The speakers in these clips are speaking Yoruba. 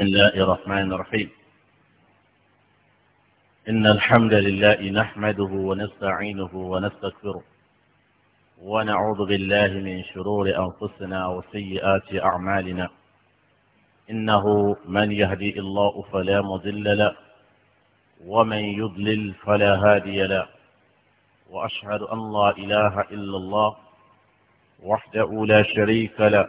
بسم الله الرحمن الرحيم إن الحمد لله نحمده ونستعينه ونستغفره ونعوذ بالله من شرور أنفسنا وسيئات أعمالنا إنه من يهدي الله فلا مضل له ومن يضلل فلا هادي له وأشهد أن لا إله إلا الله وحده لا شريك له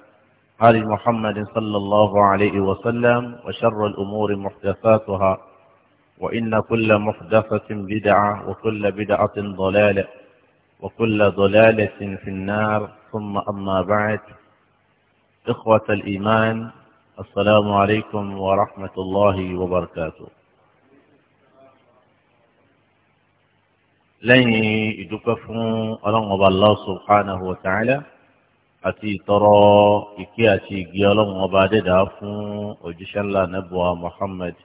آل محمد صلى الله عليه وسلم وشر الأمور محدثاتها وإن كل محدثة بدعة وكل بدعة ضلالة وكل ضلالة في النار ثم أما بعد إخوة الإيمان السلام عليكم ورحمة الله وبركاته لن يدكفوا الله سبحانه وتعالى àti ìtọrọ ìkẹ́ àti ìgẹ́ ọlọ́run ọba dẹ́dà fún òjíṣẹ́ ńlá nẹ́bùà Muhammad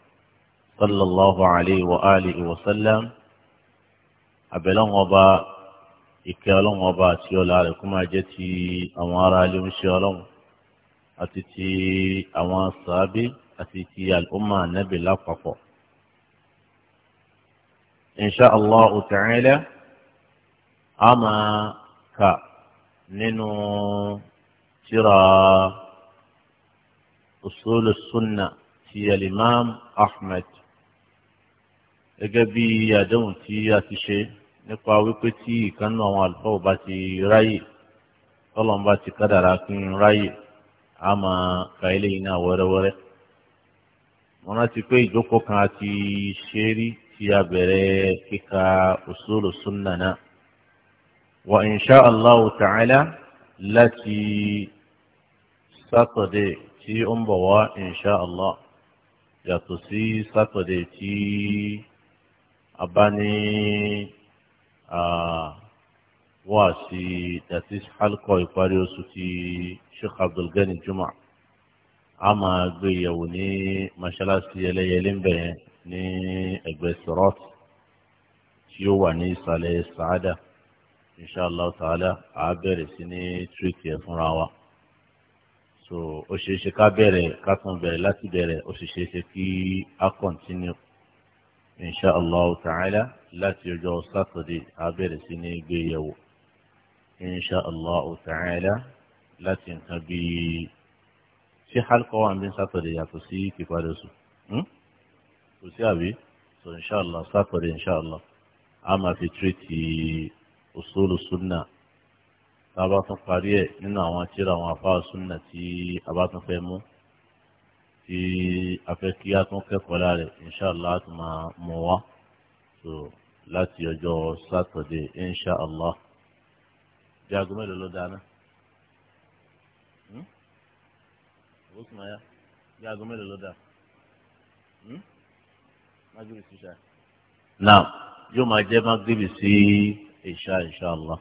sallallahu alayhi wa alihi wa sallam abẹ́lọ́run ọba ìkẹ́ ọlọ́run ọba àti ọlá rẹ̀ kó máa jẹ́ ti àwọn ará ilé oníṣẹ́ ọlọ́run àti ti àwọn sàábé àti ti àlùmọ́ ànábì lápapọ̀. insha Allah ta'ala a nínú tírà usul sunna ti alimam ahmed gẹ́gẹ́ bí àdéhùn tí a ti ṣe nípa wípé tí ìkànnì àwọn àlùfáà bá ti ráyè tọ́lọ́mbà ti kádàrá kí n ráyè a máa ka eléyìí náà wẹ́rẹ́wẹ́rẹ́ mo rántí pé ìjókòó kan a ti ṣe rí tí a bẹ̀rẹ̀ kíka usulu sunna náà wa insha Allah ta'ala láti sátọ̀dẹ̀ tí ó ń bọ̀ wá insha Allah yàtọ̀ sí sátọ̀dẹ̀ tí a bá ní wá sí dàtí halkọ ìparí oṣù tí Sheikh Abdulgani Juma a máa gbé yẹ̀wò ní mọ́ṣáláṣí ẹlẹ́yẹlé ń bẹ̀yẹn ní ẹgbẹ́ sọ̀rọ̀tì tí ó wà ní ìsàlẹ̀ sàádà inṣàlá tààlà àá bẹ̀rẹ̀ sí ní tírìtì ẹ̀ wa so ó ṣeé ṣe ká bẹ̀rẹ̀ ká tún bẹ̀rẹ̀ láti bẹ̀rẹ̀ ó sì ṣeé ṣe kí a kọ̀ntínú inṣàlá tààlà láti ọjọ́ sátọ̀dé àá bẹ̀rẹ̀ sí ní gbé yẹ̀wò inṣàlá tààlà láti nǹkan bíi ṣé halkọ́ wà ní sátọ̀dé yàtọ̀ sí pípadà oṣù hmm? kò sí àbí so inṣàlá sátọ̀dé inṣàlá a máa fi tírìtì usulu sunna tá a bá tún parí ẹ̀ nínú àwọn tíra àwọn afáà sunna tí a bá tún fẹ́ mú tí a fẹ́ kí a tún kẹ́kọ̀ọ́ lára rẹ̀ inṣàlá a tún máa mú wa so láti ọjọ́ sátọ̀dé inṣàlá bí aago mélòó ló dáná hmm? ó sì máa bí aago mélòó ló dá hmm? májúrì sísá. náà yóò máa jẹ́ mágírí sí. Si ìṣá inshallah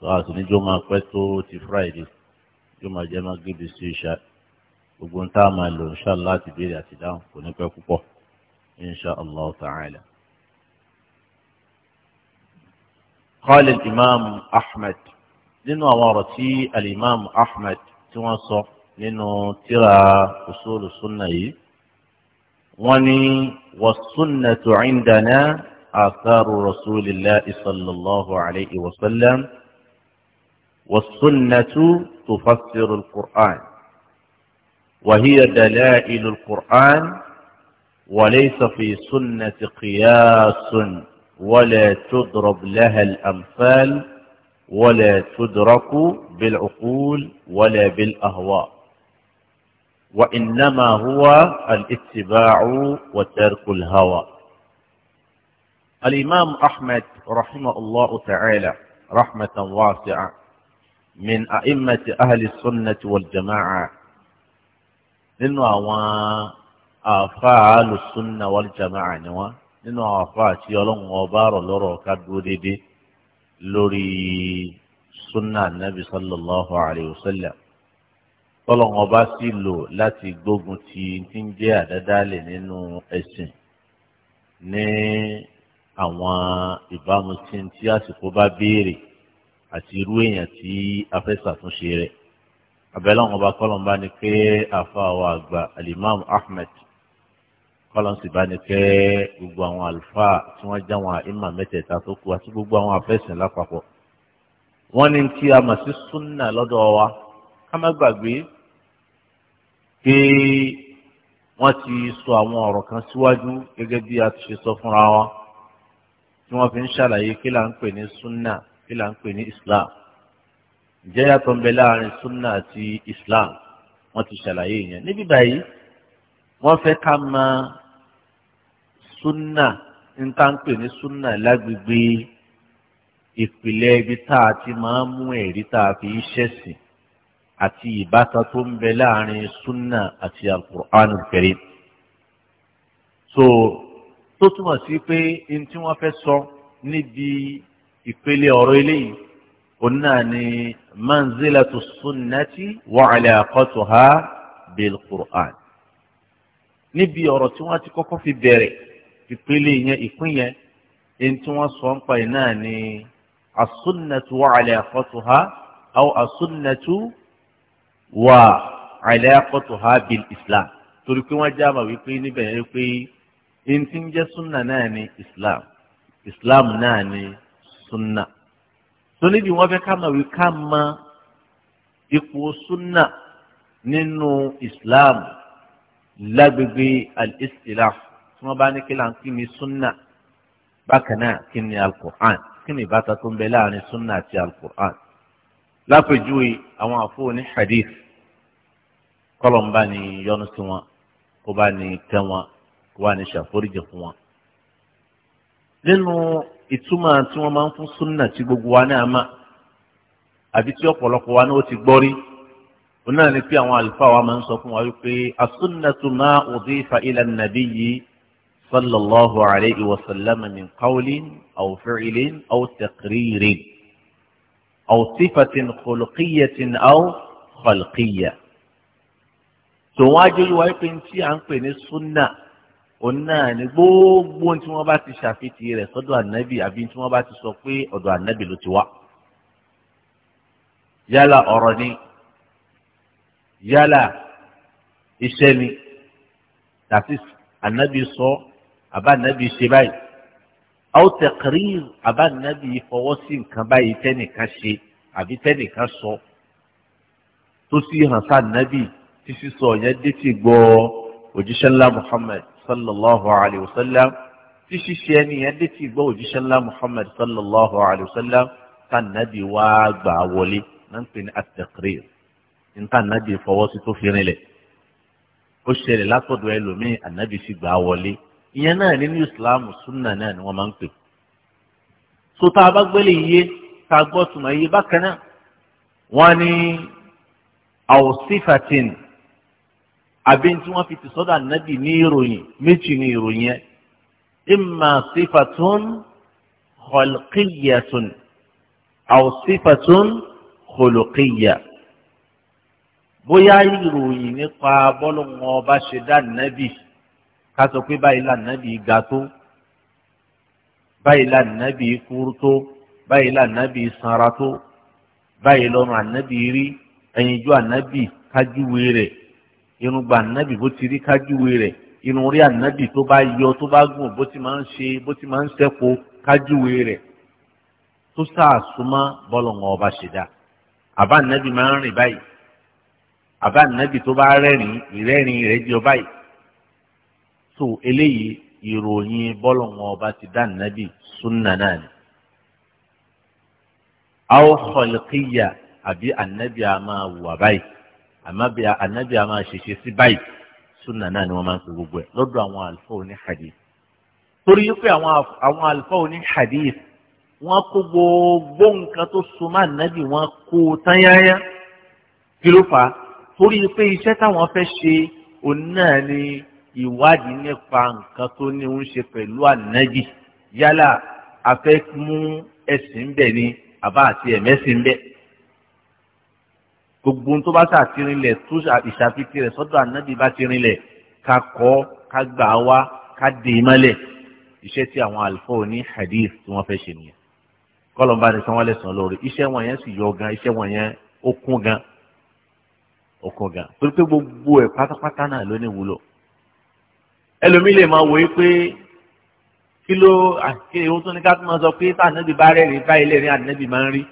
so àti níjọ́ máa pẹ́ tó ti friday yóò máa jẹ́ máa gébé sí ìṣá gbogbo ń tá a máa lò inshallah àti béèrè àti dáhùn kò ní pẹ́ púpọ̀ inshallah ta'ala. قال الإمام أحمد لنو àwọn الإمام أحمد alimam لنو tí wọ́n sọ nínú tíra usulu sunna آثار رسول الله صلى الله عليه وسلم والسنة تفسر القرآن وهي دلائل القرآن وليس في سنة قياس ولا تضرب لها الأمثال ولا تدرك بالعقول ولا بالأهواء وإنما هو الاتباع وترك الهوى الإمام أحمد رحمه الله تعالى رحمة واسعة من أئمة أهل السنة والجماعة nínú àwọn àáfàá alùsùnà wàlùjàmáà ni wọn nínú àwọn àáfàá tí ọlọ́run ọba rọ̀ lọ́rọ̀ ká dúró dédé lórí sunna nabi sallallahu alayhi wa sallam tọ́lọ́run ọba sì lò láti gbógun ti ti ń jẹ́ àdádálẹ̀ nínú ẹ̀sìn ní àwọn ìbámu tí ń tí àsìkò bá béèrè àti irú èèyàn tí a fẹ́ ṣàtúnṣe rẹ̀ abẹ́lẹ́ àwọn ọba kọ́lọ́n bá ní pé àfa àwọn àgbà alimam ahmed kọ́lọ́n sì bá ní pé gbogbo àwọn àlùfáà tí wọ́n já wọn àìmà mẹ́tẹ̀ẹ̀ta tó kù àti gbogbo àwọn afẹ́sìn lápapọ̀ wọ́n ní tí a mà sí súnà lọ́dọ̀ wa ká má gbàgbé pé wọ́n ti sọ àwọn ọ̀rọ̀ kan síwájú gẹ́gẹ́ bí a ti ṣe sọ fúnra wa wọ́n fi ń ṣàlàyé kí là ń pè ní sunna kí là ń pè ní islam ǹjẹ́ yàtọ̀ ń bẹ láàrin sunna àti islam wọ́n ti ṣàlàyé yẹn níbí báyìí wọ́n fẹ́ ká mọ̀ sunna ń tá ń pè ní sunna lágbègbè ìpìlẹ̀ ibi tá a ti máa ń mú ẹ̀rí tá a fi ṣẹ̀sìn àti ìbátan tó ń bẹ láàrin sunna àti alukur'an kẹrin. so tó túmọ̀ sí pé n tí wọ́n fẹ́ sọ níbi ìpele ọ̀rọ̀ eléyìí òun náà ni manzilatu sunnati wa alaqatuha bil qur'an níbi ọ̀rọ̀ tí wọ́n ti kọ́kọ́ fi bẹ̀rẹ̀ ìpele yẹn ìpín yẹn n tí wọ́n sọ ń pa yìí náà ni as-sunnatu wa alaqatuha aw as-sunnatu wa alaqatuha bil islam torí pé wọ́n jáàmà wípé níbẹ̀ yẹn pé èyí tí ń jẹ́ súnà náà ni islam islam náà ni súnà tó níbi wọ́n fẹ́ ká mọ̀ wí ká mọ ipò súnà nínú islam lágbègbè al-islam tí wọ́n bá ní kí là ń kí ni súnà bákan náà kí ni al-Qur'an kí ni ìbáta tó ń bẹ láàrin súnà àti al-Qur'an àwọn àfọwọ́ hadith kọ́lọ̀ ń bá ní yọ́nú sí wọn kó bá ní tẹ́ wọn wà ní ṣàforíjì fún wọn. nínú ìtumọ̀ tí wọ́n máa ń fún súnà tí gbogbo wa náà mà àbí tí ọ̀pọ̀lọpọ̀ wa náà ti gbọ́ rí òun náà ni pé àwọn àlùfáà wa máa ń sọ fún wa wípé asúnnàtú máa udifa ila nabiyyi sallallahu alayhi wa sallam min qawlin aw fi'lin aw taqririn aw sifatin khuluqiyyatin aw khalqiyya. tòun á jẹ́ yíwá pé ní tí à ń òun náà ni gbogbo tí wọ́n bá ti ṣàfitì rẹ̀ sọ́dọ̀ ànábì àbí tí wọ́n bá ti sọ pé ọ̀dọ̀ ànábì ló ti wá yálà ọ̀rọ̀ ni yálà iṣẹ́ ni tàbí ànábì sọ àbá ànábì ṣe báyìí aw taqrir àbá ànábì fọwọ́ sí nǹkan báyìí tẹ́nìkan ṣe àbí tẹ́nìkan sọ tó sì hàn sáà ànábì tí sísọ yẹn dé ti gbọ́ òjíṣẹ́ ńlá Muhammad sallallahu alayhi wa sallam tí ṣíṣe ẹni yẹn dé ti gbọ́ òjíṣẹ́ ńlá muhammad sallallahu alayhi wa sallam tá nàbí wá gbà wọlé náà ń pè ní at-taqrir níta nàbí fọwọ́ sí tó fi rinlẹ̀ ó ṣẹlẹ̀ látọ̀dọ̀ ẹlòmíì ànábì sì gbà wọlé ìyẹn náà nínú islam sunna náà ni wọ́n máa ń pè so tá a bá gbélé iye tá a gbọ́ tùmọ̀ iye bákan náà wọ́n ní àwòsífàtìnì àbí tí wọ́n fi ti sọ́dọ̀ ànábì ní ìròyìn méjì ní ìròyìn yẹn imma sifatun khalqiyatun aw sifatun khuluqiyya bóyá ìròyìn nípa bọ́lọ́wọ́n ọba ṣe dá ànábì ká sọ pé báyìí lànàbì ga tó báyìí lànàbì kúrú tó báyìí lànàbì sanra tó báyìí lọ́rùn ànábì rí ẹ̀yinjú ànábì kájúwe rẹ̀ irungba ànábì bó ti rí kájúwe rẹ̀ irun orí ànábì tó bá yọ tó bá gùn bó ti máa ń ṣe bó ti máa ń ṣẹ́po kájúwe rẹ̀ tó sàásùmọ́ bọ́lọ̀ngàn ọba ṣẹ̀dá àbá ànábì máa ń rìn báyìí àbá ànábì tó bá rẹ́rìn ìrẹ́rìn rẹ̀ jọ báyìí tó eléyìí ìròyìn bọ́lọ̀ngàn ọba ti dá ànábì súnà náà ni. àwọn kọ̀lẹ́kìyà àbí ànábì a máa wà ànábìà ànábìà máa ṣèṣe sí báyìí súnà náà ni wọ́n máa ń pe gbogbo ẹ̀ lọ́dọ̀ àwọn àlùfáà oní hadith torí wípé àwọn àlùfáà oní hadith wọ́n kó gbogbo nǹkan tó so máa nábì wọ́n kó tányáyá kí ló fà á torí pé iṣẹ́ táwọn fẹ́ ṣe òun náà ni ìwádìí nípa nǹkan tó ní ń ṣe pẹ̀lú ànábì yálà a mú ẹ̀sìn bẹ̀ ni àbá àti ẹ̀mẹ́sìn bẹ́ẹ̀ gbogbo tó bá ṣàtìrìnlẹ̀ tó ìṣàfitì rẹ̀ sọ́dọ̀ ànábì bá tìrìnlẹ̀ ká kọ́ ká gbà wá ká dè é mọ́lẹ̀ iṣẹ́ tí àwọn àlùfáà oní hadith tí wọ́n fẹ́ ṣe nìyẹn kọ́lọ̀ ń bá ní sanwó lẹ́sàn lórí iṣẹ́ wọn yẹn sì yọ gan iṣẹ́ wọn yẹn ó kún gan ó kún gan torí pé gbogbo ẹ̀ pátápátá náà ló ní wúlò ẹlòmíì lè máa wòye pé kí ló àti ewu tó ní ká tó máa sọ pé tá bá rẹ́rìn-ín báyìí lẹ́rìn-ín ànábì máa ń rí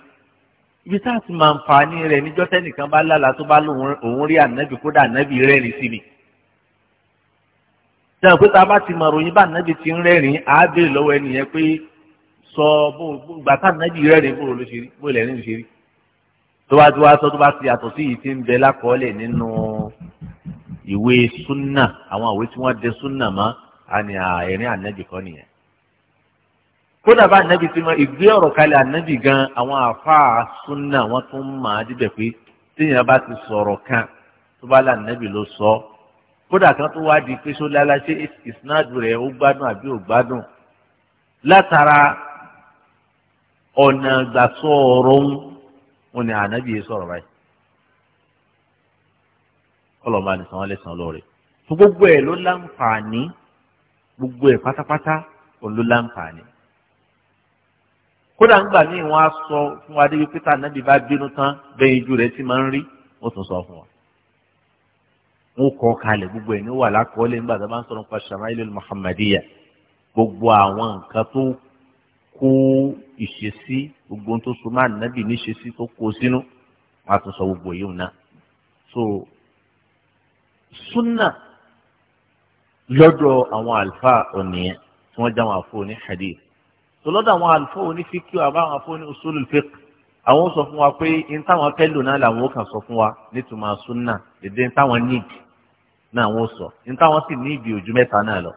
ibi tá a ti máa ń fa ní rẹ̀ níjọ́ tẹ́nìkan bá lálàá tó bá lóun òun rí ànábì kódà ànábì rẹ́rìn sí mi sẹ́wọ̀n pé tá a bá ti mọ̀ ròyìn bá ànábì ti ń rẹ́rìn á béèrè lọ́wọ́ ẹnìyẹn pé sọ bó gbà tá ànábì rẹ́rìn bó ló ṣe rí bó lẹ́rìn ṣe rí tó bá ti wá sọ tó bá ti yàtọ̀ sí yìí ti ń bẹ lákọọ́lẹ̀ nínú ìwé súnà àwọn àwé tí wọ́n de súnà mọ́ àní ẹ̀rín ànábì kan nìyẹn kódà bá ànábì ti mọ ìgbé ọ̀rọ̀ kalẹ̀ ànábì gan àwọn àfáà súnà wọn tún máa débẹ̀ pé téèyàn bá ti sọ̀rọ̀ kan tó bá là ànábì ló sọ kódà kan tó wá di pé sólálá ṣé ìsinádùú rẹ̀ ó gbádùn àbí ò gbádùn látara ọ̀nà ìgbàsọ̀ ọ̀rọ̀ ń wọn ni ànábì yẹn sọ̀rọ̀ báyìí kọlọ̀ọ̀bá nìkan wọn lẹ́sàn-án lọ́ọ̀rẹ́ fún gbogbo ẹ̀ ló láǹfààní gbogbo ẹ̀ pátápátá òun kódà ńgbà míì wọn á sọ fún wa débi pété ànábì bá bínú tán bẹ́ẹ̀ ijú rẹ̀ ti máa ń rí ó tún sọ fún wa. wọn kọ kalẹ̀ gbogbo ẹ̀ ní wà lákọọ́lẹ̀ ńgbà tó bá ń sọ̀rọ̀ nípa samailul muhammadiya gbogbo àwọn nǹkan tó kó ìṣesí gbogbo tó so máa nábì níṣesí tó kó sínú wọn á tún sọ gbogbo yìí náà. so sunna lọ́dọ̀ àwọn àlùfáà ònìyẹn tí wọ́n já wọn àfọ̀ ní hadith tọ́lọ́dọ̀ àwọn àlùfọ́ onífíkì àbáwọn afọ́ ní usulul fiqh àwọn sọ fún wa pé n táwọn fẹ́ náà làwọn ó kàn sọ fún wa nítumọ̀ sunna èdè n táwọn need náà wọ́n sọ n táwọn sì ní ìdí ojú mẹ́ta náà lọ.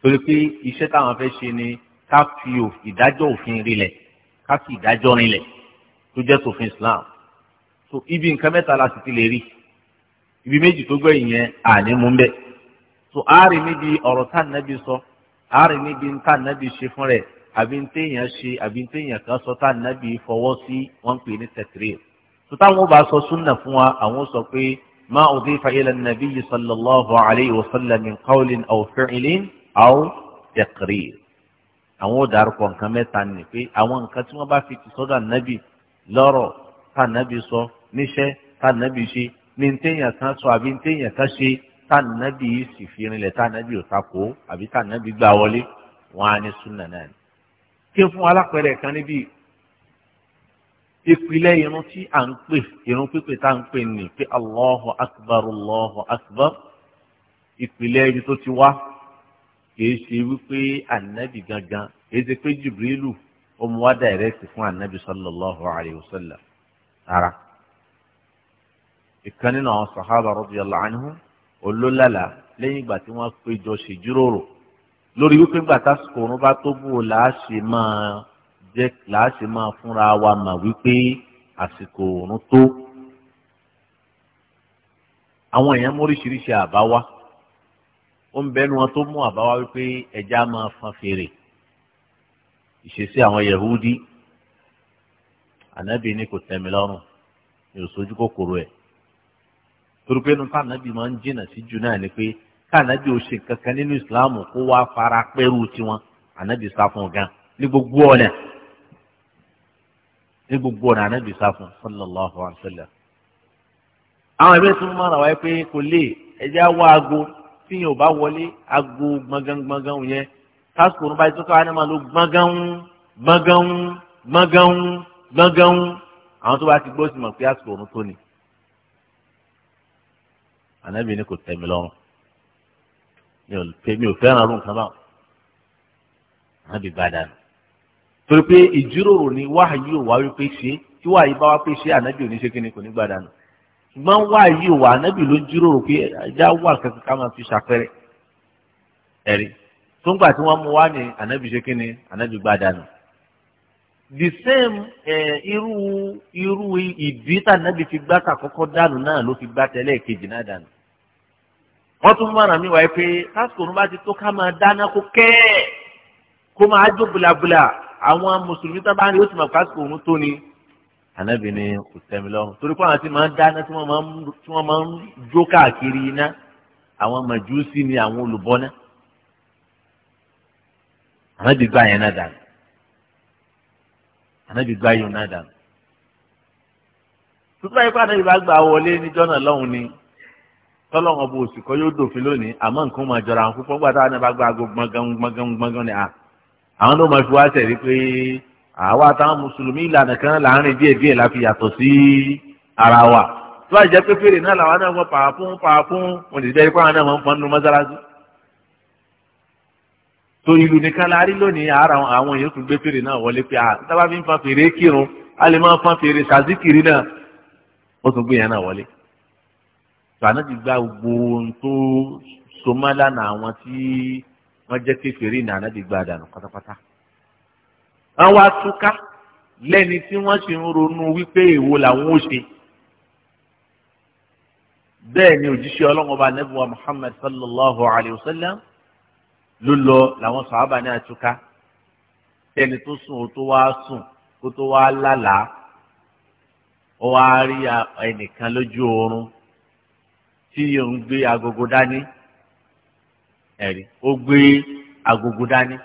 torí pé iṣẹ́ táwọn fẹ́ ṣe ni ká fi ìdájọ́ òfin rinlẹ̀ ká fi ìdájọ́ rinlẹ̀ tó jẹ́ tòfin Islam so ibi nǹkan mẹ́ta la sì ti lè rí ibi méjì tó gbẹ̀yìn yẹn àní mú bẹ́ẹ̀ so àárín níbi ọ̀rọ̀ tá àárín níbi ń tà nábì ṣe fún rẹ̀ àbí ń téèyàn ṣe àbí ń téèyàn kan sọ tà nábì fọwọ́ sí wọ́n ń pè ní tẹ̀tírì. tó táwọn bá sọ súnà fún wa àwọn sọ pé ma udifa ila nabiyyi sallallahu alayhi wa sallam min qawlin aw fi'lin aw taqrir. àwọn ò dárúkọ nǹkan mẹ́ta ni pé àwọn nǹkan tí wọ́n bá fi ti sọ́dọ̀ nábì lọ́rọ̀ tà nábì sọ níṣẹ́ tà nábì ṣe ní téèyàn kan sọ àbí téèyàn kan ṣe tànàbí yìí sì fi rinlẹ̀ tànàbí ò takò àbí tànàbí gbà wọlé wọn á ní súnà náà ni. kí n fún alápẹ̀rẹ̀ kan níbí ìpìlẹ̀ irun tí à ń pè irun pípé tá à ń pè ní pé allahu akbar allahu akbar ìpìlẹ̀ ibi tó ti wá kìí ṣe wípé ànábì gangan kìí pé jibrilu ó mú dàrẹ́tì fún ànábì sallallahu alayhi wa sallam rárá. ìkan nínú sàhábà radiyallahu anhu olólàlà lẹ́yìn ìgbà tí wọ́n péjọ ṣèjíròrò lórí wípé ìgbà tásìkò òun bá tó bù ó làá ṣe máa jẹ́ làá ṣe máa fúnra wa mà wípé àsìkò òun tó àwọn èèyàn móríṣiríṣi àbá wá ó ń bẹnu wọn tó mú àbá wá wípé ẹja máa fan fèrè ìṣesí àwọn yahudi ànábì ni kò tẹ́ lọ́rùn mi ò sojú kòkòrò ẹ̀ torí pé nípa ànábì máa ń jìnnà sí jù náà ni pé káànábì ò ṣe kankan nínú ìsìláàmù kó wá fara pẹ́rù tiwọn ànábì sá fún gan ní gbogbo ọ̀nà ní gbogbo ọ̀nà ànábì sá fún sallallahu alaihi wa sallam. àwọn ẹgbẹ́ tí wọ́n máa rà wáyé pé kò lè ẹjẹ́ á wá aago tí yẹn ò bá wọlé aago gbọ̀ngàngbọ̀ngàn yẹn tásìkò ní báyìí tó káwá ní máa lo gbọ̀ngàn gbọ̀ngàn gbọ̀ngàn gbọ̀ngàn àwọn tó bá ti gbọ́ sí mọ̀ pé àsìkò òun tó ànábì ni kò tẹ́ mi lọ́rùn mi ò fẹ́ràn ọdún kan báwọn ànábì bá dànù torí pé ìjíròrò ni wáhàyí ò wá wípé ṣe tí wáhàyí bá wá pé ṣe ànábì ò ní ṣe kí ni kò ní gbà dànù ṣùgbọ́n wáhàyí ò wá ànábì ló jíròrò pé ajá wà kankan ká máa fi ṣàpẹrẹ ẹ̀rí tó ń gbà tí wọ́n mú wá ní ànábì ṣe kí ni ànábì gbà dànù the same eh, irú irú ìdí tànàbí fi gbá kàkọ́kọ́ dànù náà ló fi gbá tẹ́lẹ̀ kejì náà dànù. wọ́n tún mọ̀ràn mi wáyé pé kásìkò ní bá ti tó ká máa dáná kó kẹ́ kó máa jó bulabula àwọn mùsùlùmí tó bá ń rí ó sì mọ̀ kásìkò òun tó ni. ànábì ni kò tẹ̀mí lọ́rùn torí pé àwọn tí máa ń dáná tí wọ́n máa ń jó káàkiri iná àwọn màjúsí ni àwọn olùbọ́ná. ànábì gbá yẹn náà dànù ànábì gba yòó náà dànù tó báyìí pàdé ìbá gbà wọlé níjọ́ náà lọ́hùn ni tọ́lọ́hùn ọba òsì kọ́ yóò dòfin lónìí àmọ́ nǹkan máa jọra àwọn púpọ̀ gbàtà náà bá gba aago gbọ̀ngàn gbọ̀ngàn gbọ̀ngàn ni à àwọn ló máa fi wá sẹ̀rí pé àwa táwọn mùsùlùmí ìlànà kan láàrin díẹ̀ díẹ̀ la fi yàtọ̀ sí ara wa tó bá jẹ́ pé fèrè náà làwọn náà wọ́n pàá fún pàá fún náà wọ́n tó ìlú nìkan la rí lónìí ara àwọn èèyàn tún gbé fèrè náà wọlé pé àtàbà ah, fi ń fa fèrè kírun a lè máa fa fèrè sàzíkìrì náà ó tún gbé yẹn náà wọlé. tòun ti gba gbogbo ohun tó sọmọ lánàá àwọn tí wọ́n jẹ́ kékeré ní ànábì gba àdànù pátápátá. wọ́n wá túká lẹ́ni tí wọ́n sì ń ronú wípé èwo làwọn ó ṣe. bẹ́ẹ̀ ni òjíṣẹ́ ọlọ́mọba nẹ́bùwà Muhammad sallallahu alayhi wa sallam ló lọ làwọn sàhábà náà túká ẹni tó sùn ó tó wá sùn kó tó wá lálàá ó wá rí ẹnìkan lójú oorun tí òun gbé agogo dání ẹ̀rí ó gbé agogo dání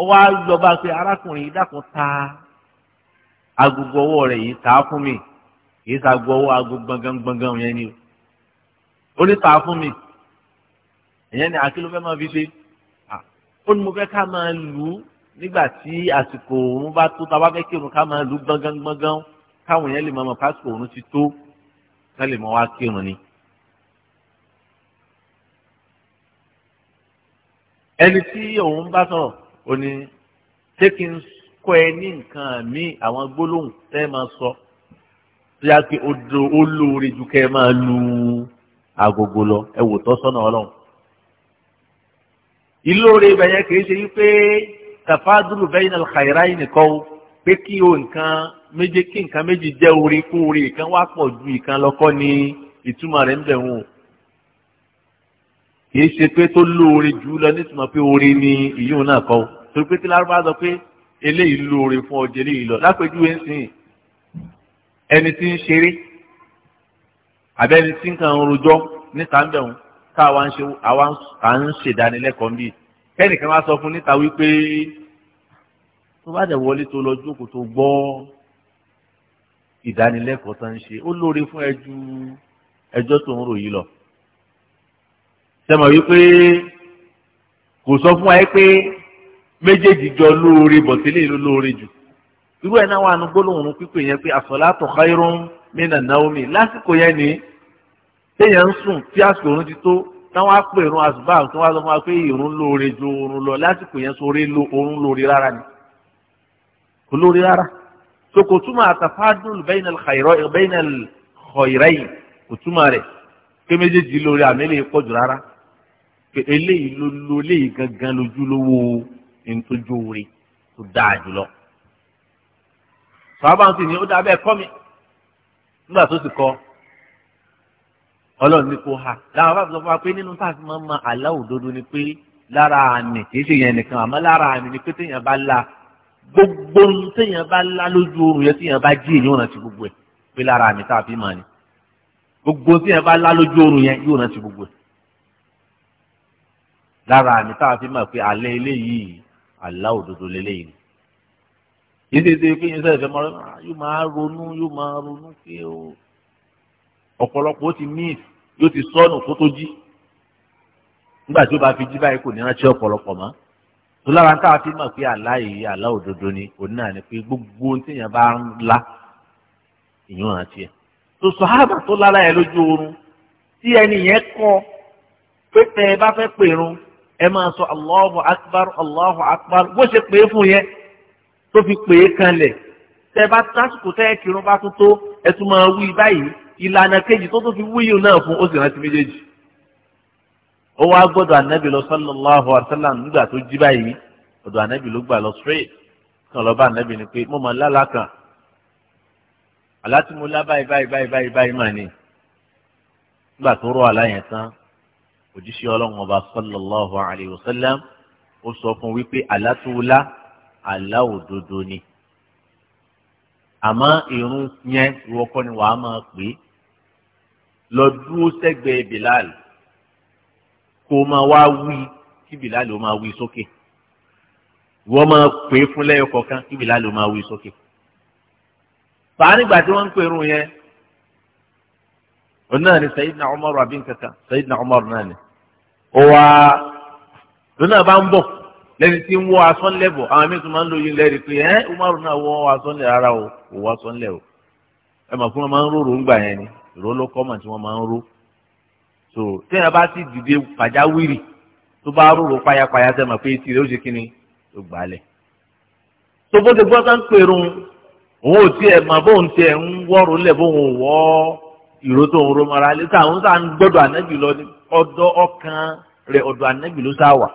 ó wá jọba pé arákùnrin yìí dákun ta agogo ọwọ́ rẹ̀ yìí ta fún mi kì í ta gbọ́ ọwọ́ agogo gbọ̀ngàn gbọ̀ngàn yẹn ni ó ní ta fún mi ìyẹn ni àkìló fẹ́ máa fi ṣe ó ní mo fẹ́ ká máa lù ú nígbà tí àsìkò òun bá tó tá a bá fẹ́ kírun ká máa lù ú gbọ̀ngàn gbọ̀ngàn káwọn yẹn lè máa mọ̀ pásítọ òun ti tó ká lè máa wá kírun ni. ẹni tí òun bá sọ̀rọ̀ ò ní ṣé kọ́ ẹ ní nǹkan mi àwọn gbólóhùn tẹ́ máa sọ tó yá pé ó lóore ju kẹ́ ẹ máa lu agogo lọ ẹ wò tọ́ sọ́nà ọlọ́run ìlóore ibẹ̀ yẹn kì í ṣe wípé tafadulu bẹ́yìn alxayira yìí nìkan o pé kí o nǹkan méje kí nǹkan méjì jẹ́ orí kó orí ìkan wá pọ̀ ju ìkan lọ́kọ́ ni ìtumọ̀ rẹ̀ ń bẹ̀ wọ́n o kì í ṣe pé tó lóore jù lọ nítumọ̀ pé orí ni ìyóò náà kọ́ torí pé tí lárúbá sọ pé eléyìí lóore fún ọjọ́ eléyìí lọ lápèjúwe ń ẹni tí ń ṣeré àbẹ́ni tí ń kàn rojọ́ níta ń bẹ̀ wọ́n tá àwa ń ṣe àwa à ń ṣèdánilẹ́kọ̀ọ́ bíi kẹ́nìkan wá sọ fún níta wípé tó bá dẹ̀ wọlé tó lọ jókòó tó gbọ́ ìdánilẹ́kọ̀ọ́ tó ń ṣe ó lóore fún ẹjú ẹjọ́ tó ń rò yìí lọ. sẹ́mọ̀ wípé kò sọ fún wa yìí pé méjèèjì jọ lóore bọ̀tẹ́lẹ̀ ló lóore jù irú ẹ̀ náà wà nù gbólóhùn pípé yẹn pé as-salatu khayrun minan nawmi lásìkò yẹn ni téèyàn ń sùn tí àsìkò òun ti tó táwọn á pè irun asubáàbù tí wọ́n á sọ fún wa pé irun lóore ju oorun lọ lásìkò yẹn sóore lo oorun lóore rárá ni kò lóore rárá so kò túmọ̀ àtàfádùn bẹ́ẹ̀nà xọ̀ìrẹ́yìn kò túmọ̀ rẹ̀ pé méjèèjì lóore àmẹ́lẹ̀ pọ̀jù rárá pé eléyìí ló lo eléyìí gangan lójúlówó ntójú oore tó dáa jùlọ. sọ́ọ́bà ń sìn ó dábẹ́ kọ́ mi nígbà tó ti kọ́ ọlọ́run ní kó ha làwọn bá sọ fún wa pé nínú táàfin máa ń ma àlá òdodo ni pé lára àmì kì í ṣe yẹn nìkan àmọ́ lára àmì ni pé téèyàn bá la gbogbo ohun téèyàn bá la lójú oorun yẹn téèyàn bá jí èyí ò rántí gbogbo ẹ̀ pé lára àmì táàfin máa ni gbogbo ohun téèyàn bá la lójú oorun yẹn yóò rántí gbogbo ẹ̀ lára àmì táàfin máa pé alẹ́ eléyìí àlá òdodo lélẹ́yìí ni yíṣe ṣe pé yín sẹ́ẹ̀fẹ́ mọ́ ọ̀pọ̀lọpọ̀ ó ti miss yóò ti sọnù kó tó jí nígbà tí ó bá fi jí báyìí kò ní rántí ọ̀pọ̀lọpọ̀ mọ́ tó lára táwa fi mọ̀ pé àlá yìí àlá òdodo ni òun náà ni pé gbogbo ohun tí èèyàn bá ń la èèyàn rántí ẹ̀ tó sàhábà tó lára ẹ̀ lójú oorun tí ẹni yẹn kọ́ pé tẹ ẹ bá fẹ́ pèrun ẹ máa sọ Allahu akbar Allahu akbar bó ṣe pè é fún yẹn tó fi pè é kanlẹ̀ tẹ bá tásìkò tẹ ẹ kírun ìlànà kejì tó tó fi wíyù náà fún ó sì rántí méjèèjì ó wá gbọ́dọ̀ ànábì lọ sallallahu alaihi wasallam nígbà tó jí báyìí ọ̀dọ̀ ànábì ló gbà lọ straight kan lọ bá ànábì ni pé mo mọ lálá kan àlá tí mo lá báyìí báyìí báyìí báyìí báyìí mà ní nígbà tó rọ àlá yẹn tán òjíṣẹ́ Ọlọ́run ọba sallallahu alaihi wasallam ó sọ fún wípé àlá tó lá àlá òdodo ni àmọ́ irun yẹn ìwọ kọ́ ni wàá máa pè é lọ dúró sẹ́gbẹ̀ẹ́ Bilal kó o máa wá wí kí Bilal ó máa wí sókè wọ́n máa pè é fún lẹ́yọ kọ̀ọ̀kan kí Bilal ó máa wí sókè. fàánìgbà tí wọ́n ń pè irun yẹn òun náà ni Sayyidina Umar àbí nkankan Sayyidina Umar náà ni ó wá òun náà bá ń bọ̀ lẹ́ni tí ń wọ asọ́nlẹ̀bọ̀ àwọn míì tún máa ń lo yín lẹ́rìí pé ẹ́ Umaru náà wọ asọ́nlẹ̀ ara o kò wọ asọ́nlẹ̀ o ẹ mà fún wọn máa ń rò rò ń gbà yẹn ni ìró ló kọ́mọ̀ tí wọ́n máa ń ró so téèyàn bá sì dìde pàjáwìrì tó bá rúrò payapaya sẹ́mọ̀ pé etí rẹ̀ ó ṣe kí ni ó gbà á lẹ̀ tó bó ti gbọ́ sán pèrún òun ò tiẹ̀ mọ̀ bóun tiẹ̀ ń wọ́rò lẹ̀ bóun ò wọ́ ìró tó ń ro mọ́ra lé sáwọn sáà ń gbọ́dọ̀ ànábì lọ ní ọ̀dọ̀ ọkàn rẹ̀ ọ̀dọ̀ ànábì ló sáà wà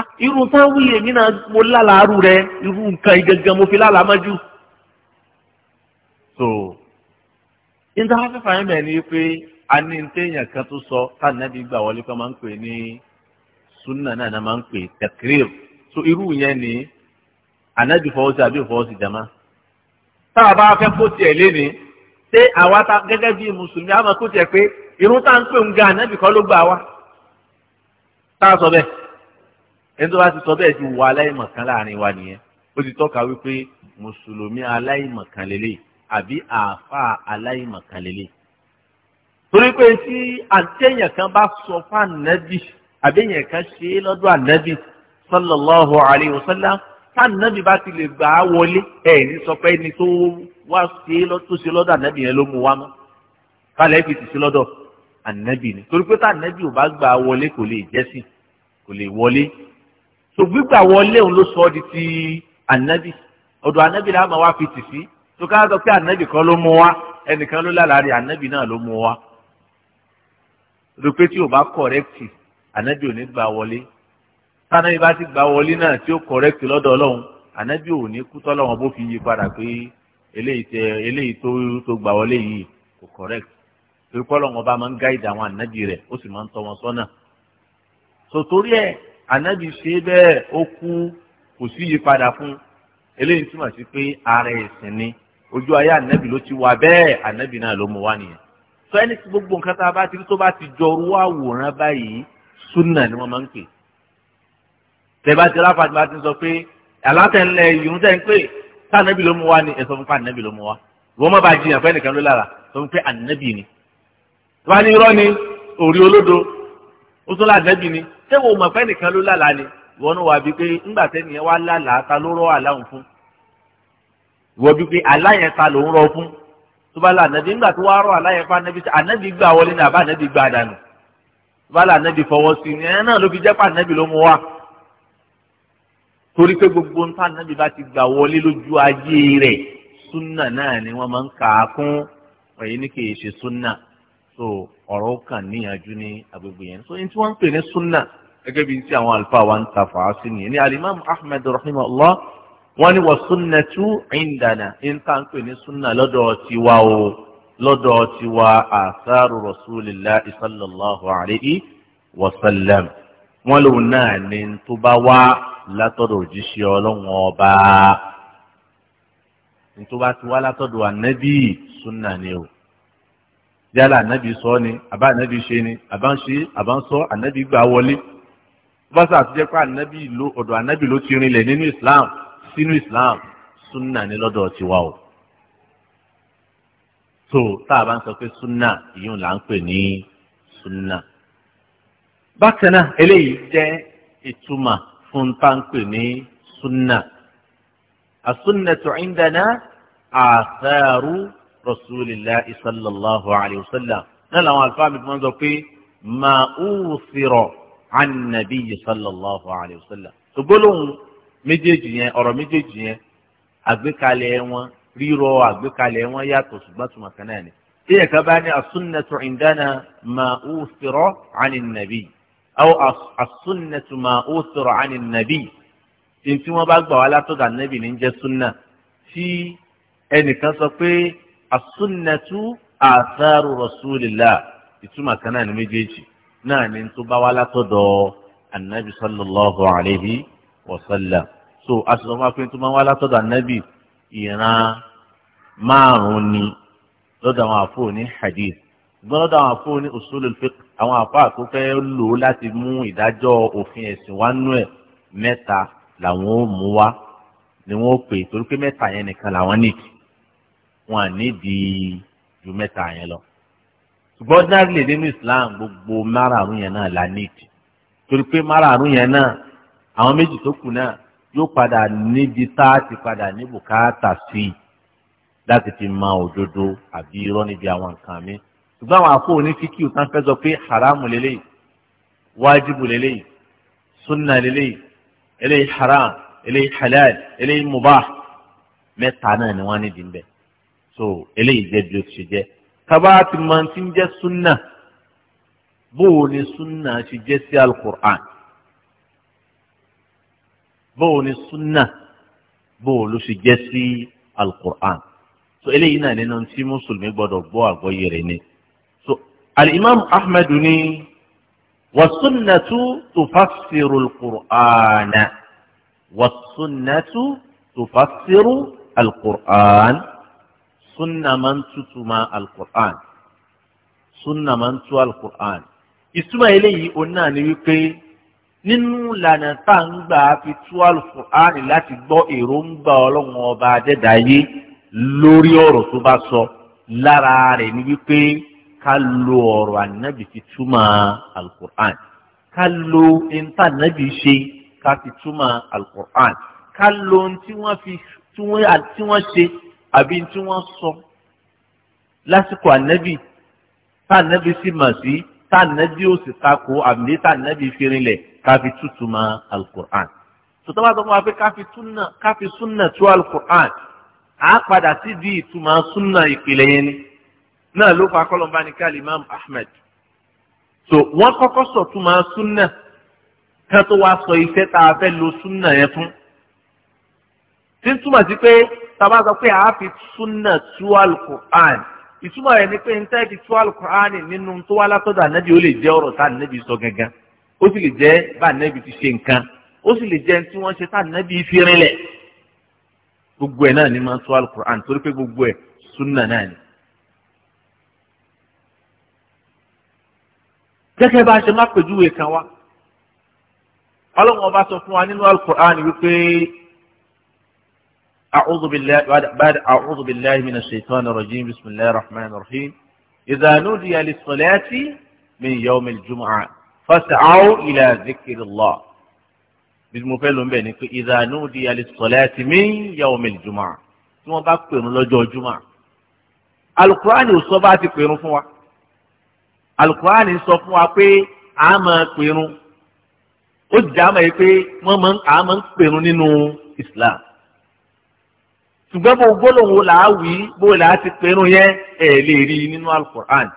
ah, irú táwọn wílé mi náà mo lálàárù rẹ irú nǹkan ìgangan mo fi lálàá mọ́jú. níta wọn fẹ́fà yín bẹ́ẹ̀ ni pé a ní téèyàn kan tó sọ káàdínàbí gbà wọlé kan máa ń pè ní sunna náà náà máa ń pè tẹkírìr so irú yẹn ni ànábì fọwọ́sí àbí fọwọ́sí jama tá a bá fẹ́ kó tiẹ̀ lé ni ṣé àwa ta gẹ́gẹ́ bí mùsùlùmí a máa kó tiẹ̀ pé irun tá à pè ń ga ànábì kan ló gbà wá tá a sọ bẹ́ẹ̀ ẹni tó bá ti sọ bẹ́ẹ̀ ti wọ aláìmọ̀kan láàrin wa nìyẹn ó ti tọ́ka wípé mùsùlùmí aláìmọ̀kan lélẹ́yìí àbí àáfàá aláìmọ̀kànlélẹ̀. torí pé tí àtẹ̀yìn kan bá sọ fún ànábì àbí èèyàn kan ṣe é lọ́dọ̀ ànábì sallallahu alayhi wa sallam tánábì bá ti lè gbà á wọlé ẹ̀ ní sọ pé ẹni tó wá ṣe é tó ṣe lọ́dọ̀ ànábì yẹn ló mú wá mọ́ kálẹ̀ fi ti ṣe lọ́dọ̀ ànábì ni torí pé tánábì ò bá gbà á wọlé kò lè jẹ́sìn kò lè wọlé so gbígbà wọlé òun ló sọ ọ́ di ti ànábì ọ̀dọ̀ ànábì làwọn máa wá fi tì sí tó ká sọ pé ànábì kan ló mú wá ẹnìkan ló lálàárí ànábì náà ló mú wá rúpé tí o bá kọ̀rẹ́kì ànábì ò ní gbà wọlé tánábì bá ti gbà wọlé náà tí ó kọ̀rẹ́kì lọ́dọ̀ ọlọ́run ànábì ò ní kú tọ́lọ́run bó fi yí padà pé eléyìí tẹ eléyìí tó tó gbà wọlé yìí kò kọ̀rẹ́kì torí kọ́lọ́run ọba máa ń gáìdì àwọn ànábì rẹ̀ ó sì máa ń tọ́ wọn sọ́nà sòtórí ẹ̀ ànábì ṣe bẹ́ẹ̀ ó kú kò sí yí padà fún eléyìí túmọ̀ sí pé ara ẹ̀sìn ni ojú ayé ànábì ló ti wà bẹ́ẹ̀ ànábì náà ló mú wá nìyẹn sọ ẹni tí gbogbo nǹkan tá a bá ti rí tó bá ti jọ orú àwòrán báyìí súnà ni wọ́n máa ń pè tẹ́bá ti ráfà tí ti sọ pé alátẹ̀lẹ̀ yìí ń ń pè tá ànábì ló mú wá ni ẹ̀sọ́ fún pa ànábì ló mú wá wọ́n má bàa jiyàn fẹ́ nìkan ló lára sọ fún pé ànábì ni wọ́n á ní irọ́ ni òrí olódo ó tún láàdẹ́bì ni ṣé wo mọ̀ fẹ́ nìkan ló lálàá ni wọ́n ìwọ́jú pé aláyẹ̀ta ló ń rọ fún tó bá la ànábì nígbà tó wá rọ aláyẹ̀fà ànábì sí ànábì gbà wọlé ní àbá ànábì gbà dànù tó bá la ànábì fọwọ́ sí ni ẹ̀ náà ló fi jẹ́ pé ànábì ló mú wá torí pé gbogbo nǹkan ànábì bá ti gbà wọlé lójú ayé rẹ̀ súnà náà ni wọ́n máa ń kà á kún ẹ̀yìn ní kì í ṣe súnà so ọ̀rọ̀ kàn níyànjú ní agbègbè yẹn so tí wọ́n ń pè ní súnà gẹ́gẹ́ bí ti àwọn àlùfáà wa ń ta fàá sí nìyẹn ní alimami Ahmad rahimahullah wọ́n ní wọ́n sunnatu indana nta ń pè ní sunna lọ́dọ̀ tiwa o lọ́dọ̀ tiwa àṣàrò rasulillah sallallahu alayhi wa sallam wọ́n lòun náà ní tó bá wá látọ̀dọ̀ òjíṣẹ́ ọlọ́run ọba tó bá ti wá látọ̀dọ̀ ànábì sunna ni o yálà ànábì sọ ni àbá ànábì ṣe ni àbá ń ṣe àbá ń sọ ànábì gbà wọlé bá sà ti jẹ́ pé ànábì ló ọ̀dọ̀ ànábì ló ti rinlẹ̀ nínú islam sínú islam sunna ní lọ́dọ̀ tiwa o tó tá a bá ń sọ pé sunna ìyún là ń pè ní sunna bákan náà eléyìí jẹ́ ìtumọ̀ fún táǹpè ní sunna as-sunnatu indana àṣàrù rasulillah sallallahu alayhi wa sallam náà làwọn àlùfáà mi máa sọ pé màá ń sirọ̀ an nabiyyi sallallahu alayhi wa sallam. ṣùgbọ́n lóhùn méjèèjì yẹn ọ̀rọ̀ méjèèjì yẹn àgbékalẹ̀ wọn rírọ àgbékalẹ̀ wọn yàtọ̀ ṣùgbọ́n tuma kan náà ni. tí ẹ̀ka bá ní asúnnẹ̀tù ìdáná máa ó sọ̀rọ̀ àní nàbí àwọn asúnnẹ̀tù máa ó sọ̀rọ̀ àní nàbí tí tí wọ́n bá gbà wá látọ̀dà nàbí ní jẹ́ súnnà tí ẹnìkan sọ pé asúnnẹ̀tù àtàrù rasulillah ìtumọ̀ kan náà ni méjèèjì náà ni tó bá wá látọ̀dọ̀ wasallam so aṣọ máa pé tó máa wá látọ̀dọ̀ ànábì ìran márùn-ún ni lọ́dọ̀ àwọn àfọ ní hadith ṣùgbọ́n lọ́dọ̀ àwọn àfọ ní usulul fiqh àwọn àfọ àkókẹ́ lò láti mú ìdájọ́ òfin ẹ̀sìn wá nú ẹ̀ mẹ́ta làwọn ó mú wá ni wọ́n pè torí pé mẹ́ta yẹn nìkan làwọn nìkì wọn à nídìí ju mẹ́ta yẹn lọ ṣùgbọ́n ordinary nínú Islam gbogbo márààrún yẹn náà la níkì torí pé márààrún yẹn náà àwọn méjì tó kù náà yóò padà níbi tá a ti padà ní bùkátà sí i láti fi mọ òdodo àbí irọ́ níbi àwọn nǹkan mi ṣùgbọ́n àwọn àfọ onífíkì tán fẹ́ sọ pé haramu lélẹ́yìí wájibu lélẹ́yìí sunna lélẹ́yìí eléyìí haram eléyìí halal eléyìí mubah mẹ́ta náà ni wọ́n ní dì ń bẹ̀ so eléyìí jẹ́ bí ó ti ṣe jẹ́ kábàá ti máa ti ń jẹ́ sunna bóò ni sunna ṣe jẹ́ sí alukur'an bóò ni súnà bóò ló ṣe jẹ́ sí alukur'an so eléyìí náà nínú tí mùsùlùmí gbọ́dọ̀ gbọ́ àgbọ́yé rẹ̀ ni so al-imam ahmed ní wàsúnnàtú tùfàṣìrù alukur'an wàsúnnàtú tùfàṣìrù alukur'an súnà máa ń ma alukur'an súnà máa tu alukur'an ìtumọ̀ eléyìí òun ni wípé nínú ìlànà tá à ń gbà fi tú àlùfáàní láti gbọ́ èròǹgbà ọlọ́run ọba adẹ́dáyé lórí ọ̀rọ̀ tó bá sọ lára rẹ̀ ni wípé ká lo ọ̀rọ̀ ànábì fi túmọ̀ alukur'an ká lo ìntà ànábì ṣe ká fi túmọ̀ alukur'an ká lo ohun tí wọ́n fi ṣe àbí tí wọ́n sọ lásìkò ànábì tá ànábì sì mọ̀ sí tànàbí ó sì takò àmì tànàbí fìrìnlẹ̀ káfi tútù ma alukur'an sọtọ́ bá sọ fún wa pé káfi súnà tú alukur'an á padà sí di ìtumọ̀ súnà ìpìlẹ̀ yẹn ni náà ló fa kọ́lọ́mbà ní Ahmed so wọ́n kọ́kọ́ sọ túmọ̀ súnà ká tó wá sọ iṣẹ́ tá a fẹ́ lo súnà yẹn fún tí túmọ̀ sí pé tá sọ pé àá súnà tú alukur'an ìtumọ̀ rẹ̀ ni pé n tẹ́ẹ̀tì tó alukur'ani nínú tó wá látọ̀dọ̀ ànábì ó lè jẹ́ ọ̀rọ̀ tá ànábì sọ gangan ó sì lè jẹ́ bá ànábì ti ṣe nǹkan ó sì lè jẹ́ tí wọ́n ṣe tá ànábì fi rinlẹ̀ gbogbo ẹ̀ náà ni máa ń tó alukur'an torí pé gbogbo ẹ̀ sunna náà ni. gẹ́gẹ́ bá a ṣe má pèjúwe kan wá ọlọ́run ọba sọ fún wa nínú alukur'an wípé. أعوذ بالله بعد أعوذ بالله من الشيطان الرجيم بسم الله الرحمن الرحيم إذا نودي للصلاة من يوم الجمعة فاسعوا إلى ذكر الله بالمفعل بين إذا نودي للصلاة من يوم الجمعة ثم بقرن لجو الجمعة القرآن يصبع تقرن فوا القرآن يصبع في عام قرن ó jẹ́ àmọ́ yìí pé wọ́n máa ń ṣùgbọ́n bó gbólóhùn wo là á wí bó là á ti pinnu yẹn ẹ̀ lè rí i nínú alukur'an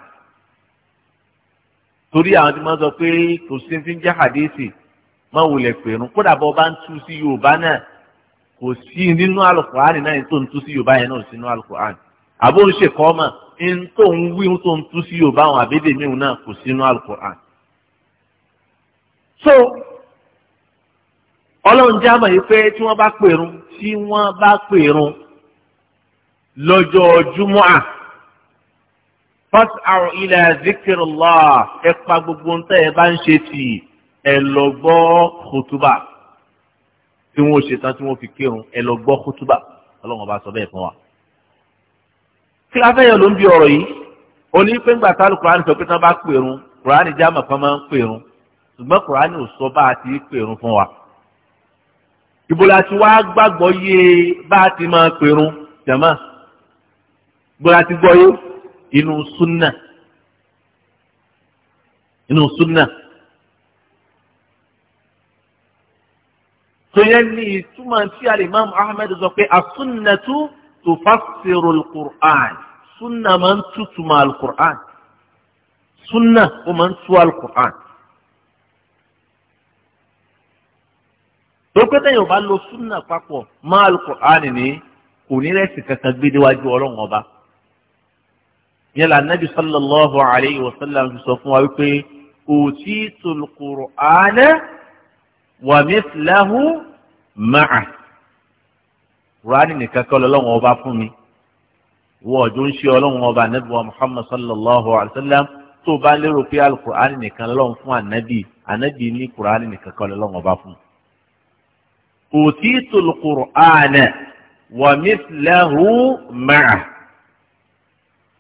torí àwọn tí wọ́n sọ pé kò sí ti ń jẹ́ hadisi má wulẹ̀ pinnu kódà bó bá ń tú sí yorùbá náà kò sí nínú alukur'an náà tó ń tú sí yorùbá yẹn náà sí nínú alukur'an àbó ń ṣe kọ́ mà ń tó ń wí tó ń tú sí yorùbá àwọn àbédèmíhùn náà kò sí nínú alukur'an. so ọlọ́run já mọ̀ yìí pé tí wọ́n bá pèrún tí wọ́n bá pèrún lọ́jọ́ júmọ́à fas'au ila zikrillah ẹ pa gbogbo ntẹ́ ẹ bá ń ṣe tì ẹ lọ gbọ́ khutuba tí wọ́n ṣe tán tí wọ́n fi kírun ẹ lọ gbọ́ khutuba ọlọ́run bá sọ bẹ́ẹ̀ fún wa. kí afẹ́yẹ ló ń bi ọ̀rọ̀ yìí oní pé ńgbà táwọn kùránì sọ pé tán bá pèrun kùránì jáàmù kan máa ń pèrun ṣùgbọ́n kùránì ò sọ bá a ti pèrun fún wa. ìbò láti wá gbàgbọ́ yé bá a ti máa pèrun jàmáà gbọ́dọ̀ àti gbọ́ yó inú súnà inú súnà tó yẹn ní ìtumọ̀ tí alimami ahmed sọ pé asúnnàtú tó fásirò alukur'an súnà máa ń tútùmọ̀ alukur'an súnà ó máa ń tú alukur'an. tókè tẹ̀yìn bá lo súnà papọ̀ máa alukur'an ni kò ní rẹ̀ kankan gbé déwájú ọlọ́run ọba yẹn la nabi sallallahu alayhi wa sallam fi sọ fún wa wípé utitul qur'ana wa mithlahu ma'a qur'ani nìkan kọ́ lọ́wọ́ ọba fún mi wọ́n ọjọ́ ń ṣe ọlọ́wọ́ ọba anabi wa muhammad sallallahu alayhi wa sallam tó o bá lérò pé alukur'ani nìkan lọ́wọ́ fún anabi anabi ní kur'ani nìkan kọ́ lọ́wọ́ ọba fún utitul qur'ana wa mithlahu ma'a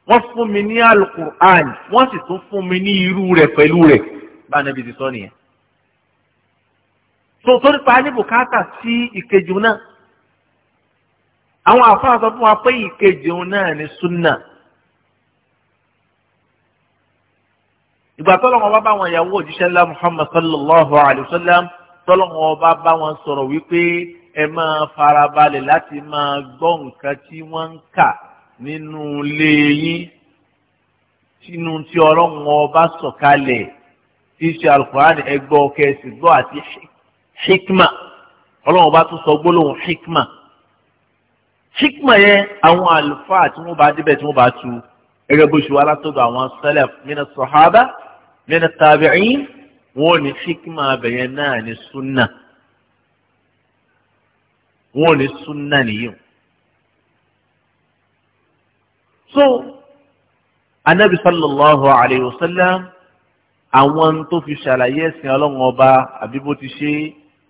wọ́n fún mi ní alukur'an wọ́n sì tún fún mi ní irú rẹ̀ pẹ̀lú rẹ̀ bá anabi ti sọ nìyẹn. tó tó nípa ní bùkátà sí ìkejì náà àwọn àfáà sọ fún wa pé ìkejì náà ni sunna. ìgbà tọ́lọ́wọ́n bá bá wọn ìyàwó òjíṣẹ́ ńlá muhammad sallallahu alayhi wa sallam tọ́lọ́wọ́n bá bá wọn sọ̀rọ̀ wípé ẹ máa farabalẹ̀ láti máa gbọ́ nǹkan tí wọ́n ń kà nínú ilé yín sínú tí ọlọ́run ọba sọ̀kalẹ̀ tí ṣe alukur'an ẹgbọ́ kẹsì gbọ́ àti hikma ọlọ́run ọba tún sọ gbólóhùn hikma hikma yẹn àwọn àlùfáà tí wọ́n bá débẹ̀ tí wọ́n bá tu gẹ́gẹ́ bó ṣe wá látọ̀dọ̀ àwọn salaf mina sọ̀hábà mina tabi'in wọ́n ní hikma abẹ̀yẹn náà ní sunna wọ́n ní sunna nìyí so anabi sallallahu alayhi wa sallam àwọn tó fi ṣàlàyé ẹ̀sìn ọlọ́run ọba àbí bó ti ṣe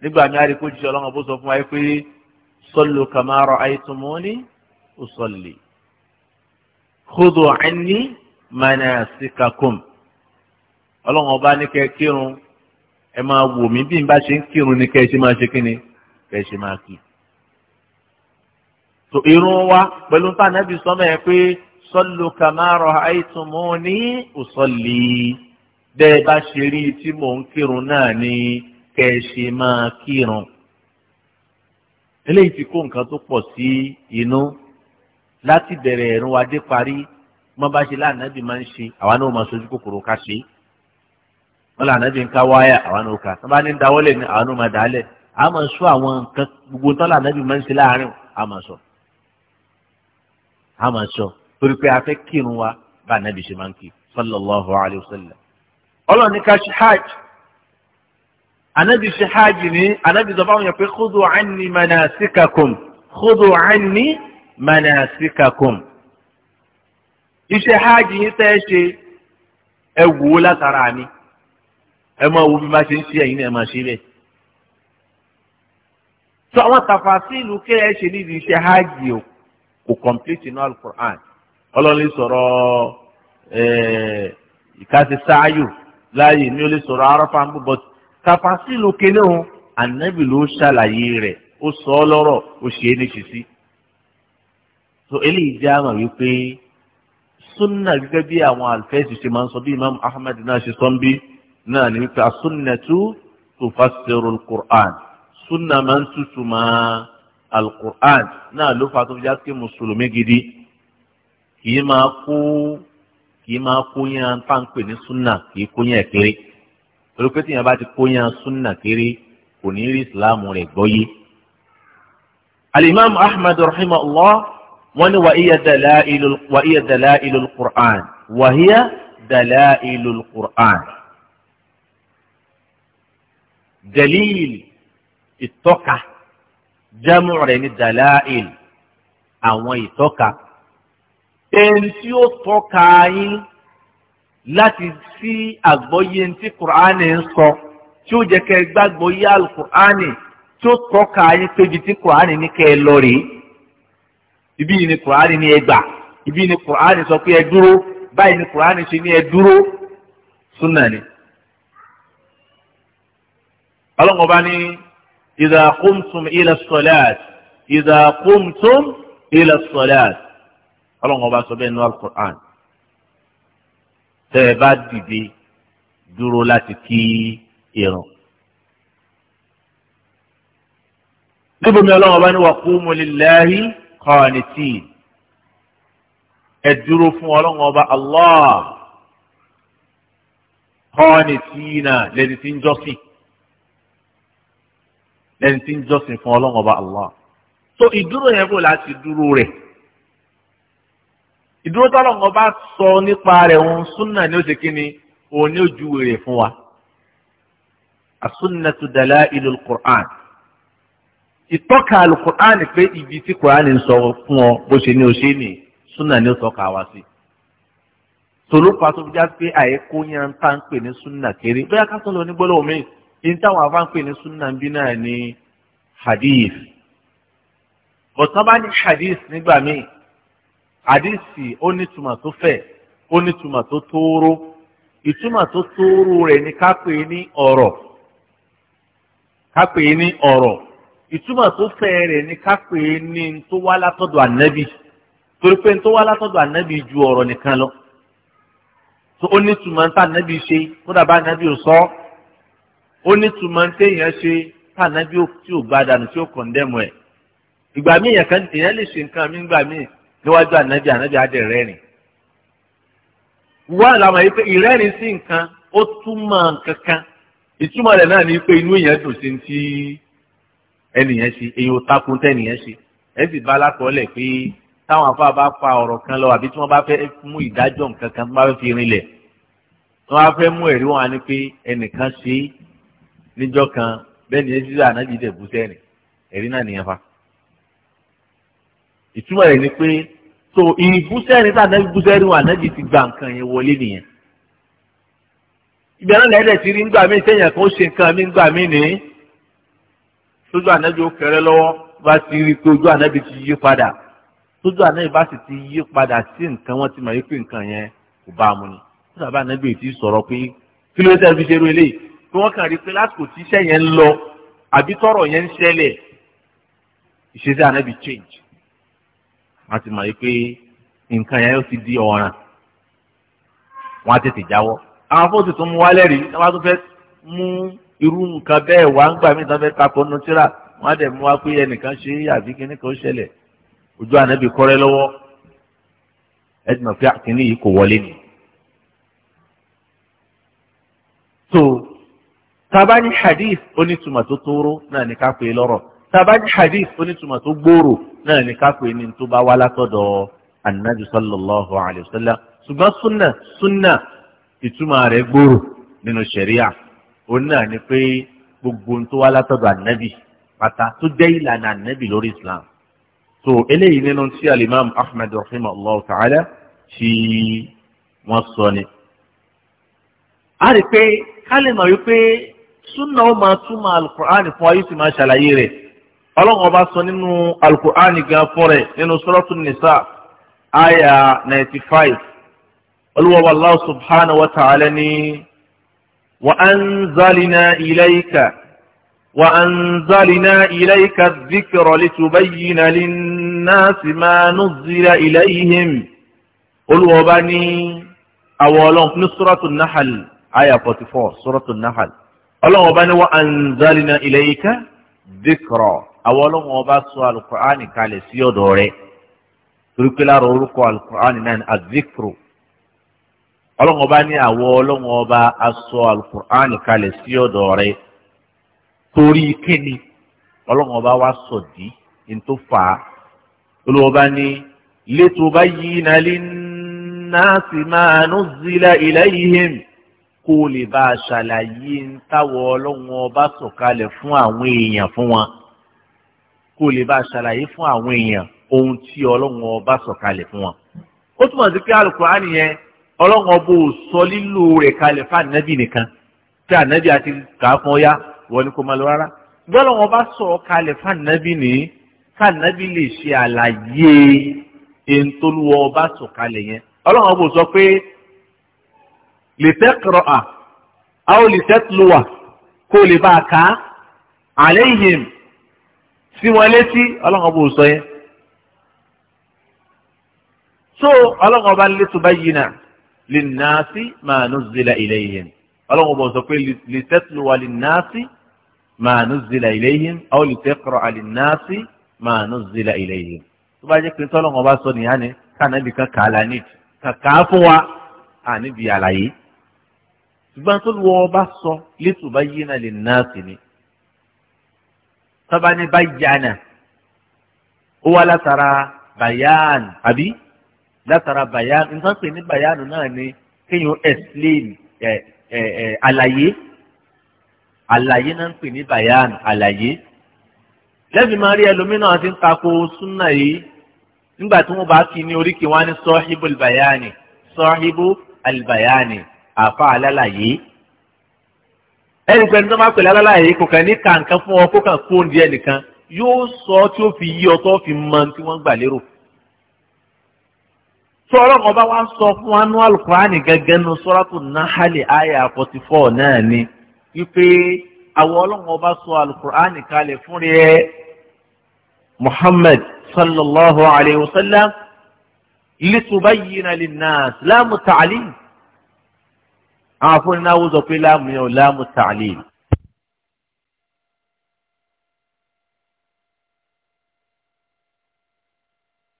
nígbà mi àríkó jíṣẹ́ ọlọ́run ọba ó sọ fún wa pé sallu kama ra'aytumuni usalli khudhu anni manasikakum ọlọ́run ọba ní kẹ́ kírun ẹ máa wò mí bí n bá ṣe ń kírun ní kẹ́ ṣe máa ṣe kíni kẹ́ ṣe máa kí. tó irun wa pẹ̀lú tá ànábì sọ́mọ́ ẹ pé sọlù kàmáàrọ̀ àìtùmọ́ ní òsọ̀lì bẹ́ẹ̀ bá ṣe rí tí mò ń kírun náà ni kẹ́ ẹ ṣe máa kírun. eléyìí ti kó nǹkan tó pọ̀ sí inú láti bẹ̀rẹ̀ ẹ̀rùn wa dé parí mọ́ bá ṣe láànábì máa ń ṣe àwa náà máa ṣojú kòkòrò ká ṣe. wọ́n láànábì ń ká wáyà àwa náà ká tọ́ bá ní dáwọ́lẹ̀ ni àwa náà máa dálẹ̀ a máa sọ àwọn nǹkan gbogbo tọ́lá ànábì máa ń ṣe láàárín a máa sọ. a máa sọ torí pé a fẹ́ kírun wa bá anabi ṣe máa ń kí sallallahu alayhi wa sallam. ọlọ́run ní ká ṣe hajj anabi ṣe hajj ní anabi sọ fáwọn yẹn pé khudhu anni manasikakum khudhu anni manasikakum. iṣẹ́ hajj yín tẹ́ ṣe ẹ wò ó látara mi ẹ máa wo bí má ṣe ń ṣe ẹ̀yin náà máa ṣe bẹ́ẹ̀. sọ àwọn tàfàṣìlù kẹ́ ẹ ṣe níbi iṣẹ́ hajj o kò complete inú alukur'an ọlọ́ni sọ̀rọ̀ ìkàsí sáàyù láàyè ní o lè sọ̀rọ̀ arafa eh, ń bọ̀ but kàfàsí ló kéde òun ànábì ló ṣàlàyé rẹ̀ ó sọ ọ́ lọ́rọ̀ ó ṣe é ní ṣìṣí. so eléyìí jẹ́ àmọ̀ wípé sunna gẹ́gẹ́ bí àwọn àlùfẹ́sì ṣe máa ń sọ bí imam ahmed náà ṣe sọ ń bí náà ní wípé asunnatu tufassiru al-Qur'an sunna máa ń tútù máa al náà ló fà tó fi já sí mùsùlùmí gidi kì í máa kó kì í máa kó yẹn tá à ń pè ní súnà kì í kó yẹn kéré torí pé tíyẹn bá ti kó yẹn súnà kéré kò ní rí ìsìláàmù rẹ̀ gbọ́yé. alimami ahmad rahimahullah wọ́n ní wàhíyà dalailul wàhíyà dalailul qur'an wàhíyà dalailul qur'an. dalil ìtọ́ka jámù rẹ̀ ní dalail àwọn ẹni tí ó tọ́ka yín láti sí àgbọ́yé tí kùránì ń sọ tí ó jẹ́ kẹ́ gbàgbọ́yé alukùránì tí ó tọ́ka yín pébi tí kùránì ní kẹ́ ẹ lọ rèé ibi yìí ni kùránì ní ẹ gbà ibi yìí ni kùránì sọ pé ẹ dúró báyìí ni kùránì ṣe ní ẹ dúró súnà ni. ọlọ́run bá ní idha qumtum ila salat idha qumtum ila salat ọlọ́run ọba sọ bẹ́ẹ̀ nínú alukur'an tẹ́ ẹ bá dìde dúró láti kí ìrun. níbo mi ọlọ́run ọba ní wa qumu lillahi qanitin ẹ dúró fún ọlọ́run ọba Allah qanitina lẹ́ni tí ń jọ́sìn lẹ́ni tí ń jọ́sìn fún ọlọ́run ọba Allah. so ìdúró yẹn bó láti dúró rẹ̀ ìdúró tọ́lọ̀ wọn bá sọ nípa rẹ̀ òun súnà ní oṣù kínní òun ní ojú rẹ̀ fún wa. as-sunnatu dalailul Qur'an ìtọ́ka alukur'an pé ibi tí kur'an ń sọ fún ọ bó ṣe ní o ṣe ní súnà ní o tọ́ka wá sí. tòlópa tó já pé àyíkó yẹn tá ń pè ní súnà kéré bóyá ká sọ̀rọ̀ onígbọ́lọ́ mi ní táwọn afá ń pè ní súnà bí náà ní hadith. bọ̀tán bá ní hadith nígbà míì àdìsí ó tó fẹ̀ ó tó tóóró ìtumọ̀ tó tóóró rẹ̀ ni ká ní ọ̀rọ̀ ká ní ọ̀rọ̀ ìtumọ̀ tó fẹ̀ ni ní tó wá látọ̀dọ̀ ànábì torí pé tó wá látọ̀dọ̀ ju ọ̀rọ̀ nìkan lọ tó kódà bá ò sọ téèyàn ṣe tí ò tí ò ẹ̀ ìgbà míì èèyàn lè ṣe nǹkan mí níwájú ànábì ànábì adé rẹ́rìn wá làwọn yìí pé ìrẹ́rìn sí nǹkan ó túmọ̀ kankan ìtumọ̀ rẹ̀ náà ni pé inú èèyàn dùn sí ti ẹnìyẹn ṣe èèyàn ò takun tẹ́nìyẹn ṣe ẹ̀ sì bá alákọ̀ọ́lẹ̀ pé táwọn afá bá fa ọ̀rọ̀ kan lọ àbí tí wọ́n bá fẹ́ mú ìdájọ́ nǹkan kan bá fi rinlẹ̀ wọ́n á fẹ́ mú ẹ̀rí wọn ni pé ẹnìkan ṣe níjọ́ kan bẹ́ẹ̀ ni ẹ ti rí dẹ̀ bú sẹ́rìn ẹ̀rí náà nìyẹn fa ìtumọ̀ rẹ̀ ni pé so ìbúsẹ́rin tá ànábì búsẹ́rin wà ànábì ti gba nǹkan yẹn wọlé nìyẹn ìgbà náà lẹ́dẹ̀ ti rí ńgbà míì sẹ́yìn kan ó ṣe nǹkan mí ńgbà míì ní sójú ànábì ó kéré lọ́wọ́ bá ti rí i pé ojú ànábì ti yí padà sójú ànábì bá sì ti yí padà sí nǹkan wọn ti mọ̀ pé nǹkan yẹn kò bá a mu ni sójú àbá ànábì ti sọ̀rọ̀ pé kí ló dé fi ṣe eré eléyìí pé wọ́n kàn rí i pé lásìkò tí iṣẹ́ yẹn ń lọ àbí tọ́rọ̀ yẹn ń ṣẹlẹ̀ ìṣesí ànábì change wọ́n ti mọ̀ yìí pé nǹkan yẹn ó ti di ọ̀ràn wọ́n á tètè jáwọ́. àwọn fóòtù tó mú wálẹ̀ rí wọ́n á tún fẹ́ mú irú nǹkan bẹ́ẹ̀ wá ń gbà mí tán fẹ́ takò nu tíra á dẹ̀ mú wá pé ẹnìkan ṣe àbí kíní kan ṣẹlẹ̀ ojú ànábì kọ́rẹ́ lọ́wọ́ ẹ pé kíní yìí kò wọlé ni. so tabani hadith onítùmọ̀ tó tóró náà ní ká pè é lọ́rọ̀ tabani hadith onítùmọ̀ tó gbòòrò náà ni ká pè ní tó bá wá látọ̀dọ̀ anabi sallallahu alayhi wa sallam ṣùgbọ́n sunna sunna ìtumọ̀ rẹ̀ gbòòrò nínú ṣẹ̀ríà òun náà ni pé gbogbo tó wá látọ̀dọ̀ anabi pátá tó jẹ́ ìlànà anabi lórí islam so eléyìí nínú tí alimami ahmed rahimahullah ta'ala tí wọ́n sọ ni. a rí pé ká lè wípé sunna ó máa túmọ̀ alukur'an fún ayé sì máa ṣàlàyé rẹ̀. ọlọ́run ọba sọ nínú alukur'ani gan fún rẹ̀ nínú sọ́rọ́tù nìsa àyà ninety five olùwàwà allah subhanahu wa ta'ala ni wa anzalina ilayka wa anzalina ilayka dhikra litubayyina linnasi ma nuzila ilayhim olùwàwà ni àwọn ọlọ́run ní sọ́rọ́tù nahal àyà forty four sọ́rọ́tù nahal ọlọ́run ọba ni wa anzalina ilayka dhikra. àwọn ọlọ́wọ́n ọba sọ alukur'ani kalẹ̀ sí ọ̀dọ̀ rẹ̀ torí pé lára orúkọ alukur'ani náà ni azikro ọlọ́wọ́n ọba ní àwọn ọlọ́wọ́n ọba asọ alukur'ani kalẹ̀ sí ọ̀dọ̀ rẹ̀ torí kíni ọlọ́wọ́n ọba wa sọ di ntòfà olùwọ́ba ní létòba yìí náà lè náà máa nù zila ilayhim kó lè bá a ṣàlàyé ń táwọ ọba sọ̀kalẹ̀ fún àwọn èèyàn fún wọn kó lè bá ṣàlàyé fún àwọn èèyàn ohun tí ọlọ́run ọba sọ̀kalẹ̀ fún wọn. ó túmọ̀ sí pé alukur'ani yẹn ọlọ́run ọba ò sọ lílo rẹ̀ kalẹ̀ fún ànábì nìkan tí ànábì àti kà á fún ọ yá wọ́n ní kó máa lọ rárá. bí ọlọ́run ọba sọ kalẹ̀ fún ànábì ní kánábì lè ṣe àlàyé ẹni tó lu ọba yẹn. ọlọ́run ọba ò sọ pé lè tẹ́ kọ̀rọ̀ à á ó lè tẹ́ tuluwà kó lè bá a kà á àlẹ́ yìí sí wọn létí ọlọ́run ọba ò sọ yẹn so ọlọ́run ọba létu báyìí náà lè nàásì máa nù zila ilé yẹn ọlọ́run ọba sọ pé lè tẹ́tù wà lè nàásì máa nù zila ilé yẹn àwọn lè tẹ́kọ̀rọ̀ àlè nàásì máa nù zila ilé yẹn tó bá jẹ́ pé tọ́lọ́run ọba sọ nìyá ni káàná ibi kan kàá lánìí kàkà fún wa àníbi àlàyé ṣùgbọ́n tó lu ọba sọ létu báyìí náà lè nàásì ni tọ́ba ní báyìíjànà ó wá látara bayan àbí látara bayan nǹkan pè ní bayan náà ni kéèyàn explain ẹ ẹ ẹ àlàyé àlàyé náà ń pè ní bayan àlàyé lẹ́sìn máa rí ẹlòmíràn ti ń tako súnà yìí nígbà tí wọ́n bá kí ní oríkì wọn ní sọ́híbù albayani sọ́híbù albayani àfa alálàyé ẹnì pẹ̀lú tó máa pèlè aláláyè kò kàn ní kàǹkan fún ọ kó kàn kó oúnjẹ nìkan yóò sọ tí ó fi yí ọ tó fi mọ tí wọ́n gbà lérò. sọ̀rọ̀ kan bá wá sọ fún anú alukurani gẹ́gẹ́ nu sọ́ràtù nahali aya forty four náà ni wípé àwọn ọlọ́run ọba sọ alukurani kalẹ̀ fún rẹ̀ muhammad sallallahu alayhi wa sallam litubayyina linnas la muta'allim àwọn afúnináwó sọ pé láàmù yẹn ò láàmù ta'lil.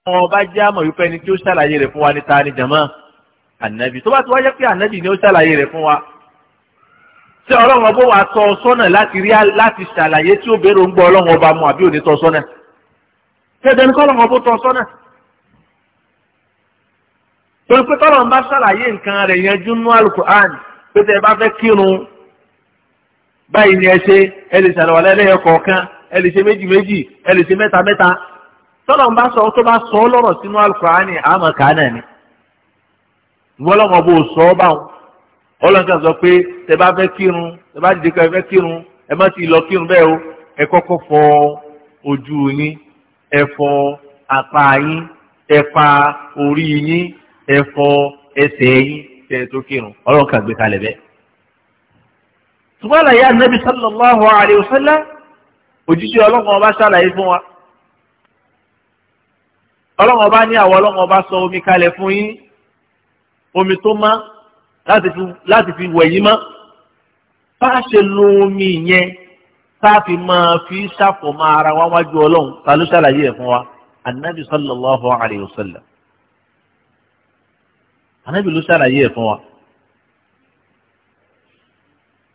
àwọn ọba jẹ́ àmọ̀ wípé ẹni tí ó ṣàlàyé rẹ̀ fún wa ní ta ni jàmọ́ ànábì tó bá ti wáyé pé ànábì ni ó ṣàlàyé rẹ̀ fún wa. ṣé ọlọ́run ọbọ̀ wa tọ́ ọ sọ́nà láti rí láti ṣàlàyé tí ó bèrè ń gbọ́ ọlọ́run ọba mu àbí òní tọ́ sọ́nà. ṣé ẹ̀dẹ̀ ni kọ́lọ́run ọbọ̀ sọ́nà pé tẹ́ ẹ bá fẹ́ kírun báyìí ni ẹ ṣe ẹ lè ṣàlùwàlá ẹlẹ́yẹ kọ̀ọ̀kan ẹ lè ṣe méjì méjì ẹ lè ṣe mẹ́ta mẹ́ta tọ́lọ̀ ń bá sọ tó bá sọ ọ́ lọ́rọ̀ sínú alukurani àmọ́ kàánà ni ìwọ́lọ́mọ bó sọ ọ́ báwọn ọlọ́nkà sọ pé tẹ́ bá fẹ́ kírun tẹ́ bá dìde kọ́ ẹ fẹ́ kírun ẹ má ti lọ kírun bẹ́ẹ̀ o ẹ kọ́kọ́ fọ ojú yín ẹ fọ apá yín ẹ pa orí yín ẹ fọ ẹsẹ̀ yín tẹ tó kírun ọlọ́run kà gbé kalẹ̀ bẹ́ẹ̀. ṣùgbọ́n àlàyé ànábì sallallahu alayhi wa sallam òjijì ọlọ́run ọba ṣàlàyé fún wa ọlọ́run ọba ní àwọn ọlọ́run ọba sọ omi kalẹ̀ fún yín omi tó má láti fi wẹ̀ yín mọ́ bá a ṣe lo omi yẹn tá a fi máa fi ṣàfọ̀mọ́ ara wa wájú ọlọ́run ta ló ṣàlàyé ẹ̀ fún wa ànábì sallallahu alayhi wa sallam ànábì ló ṣàlàyé ẹ̀ fún wa.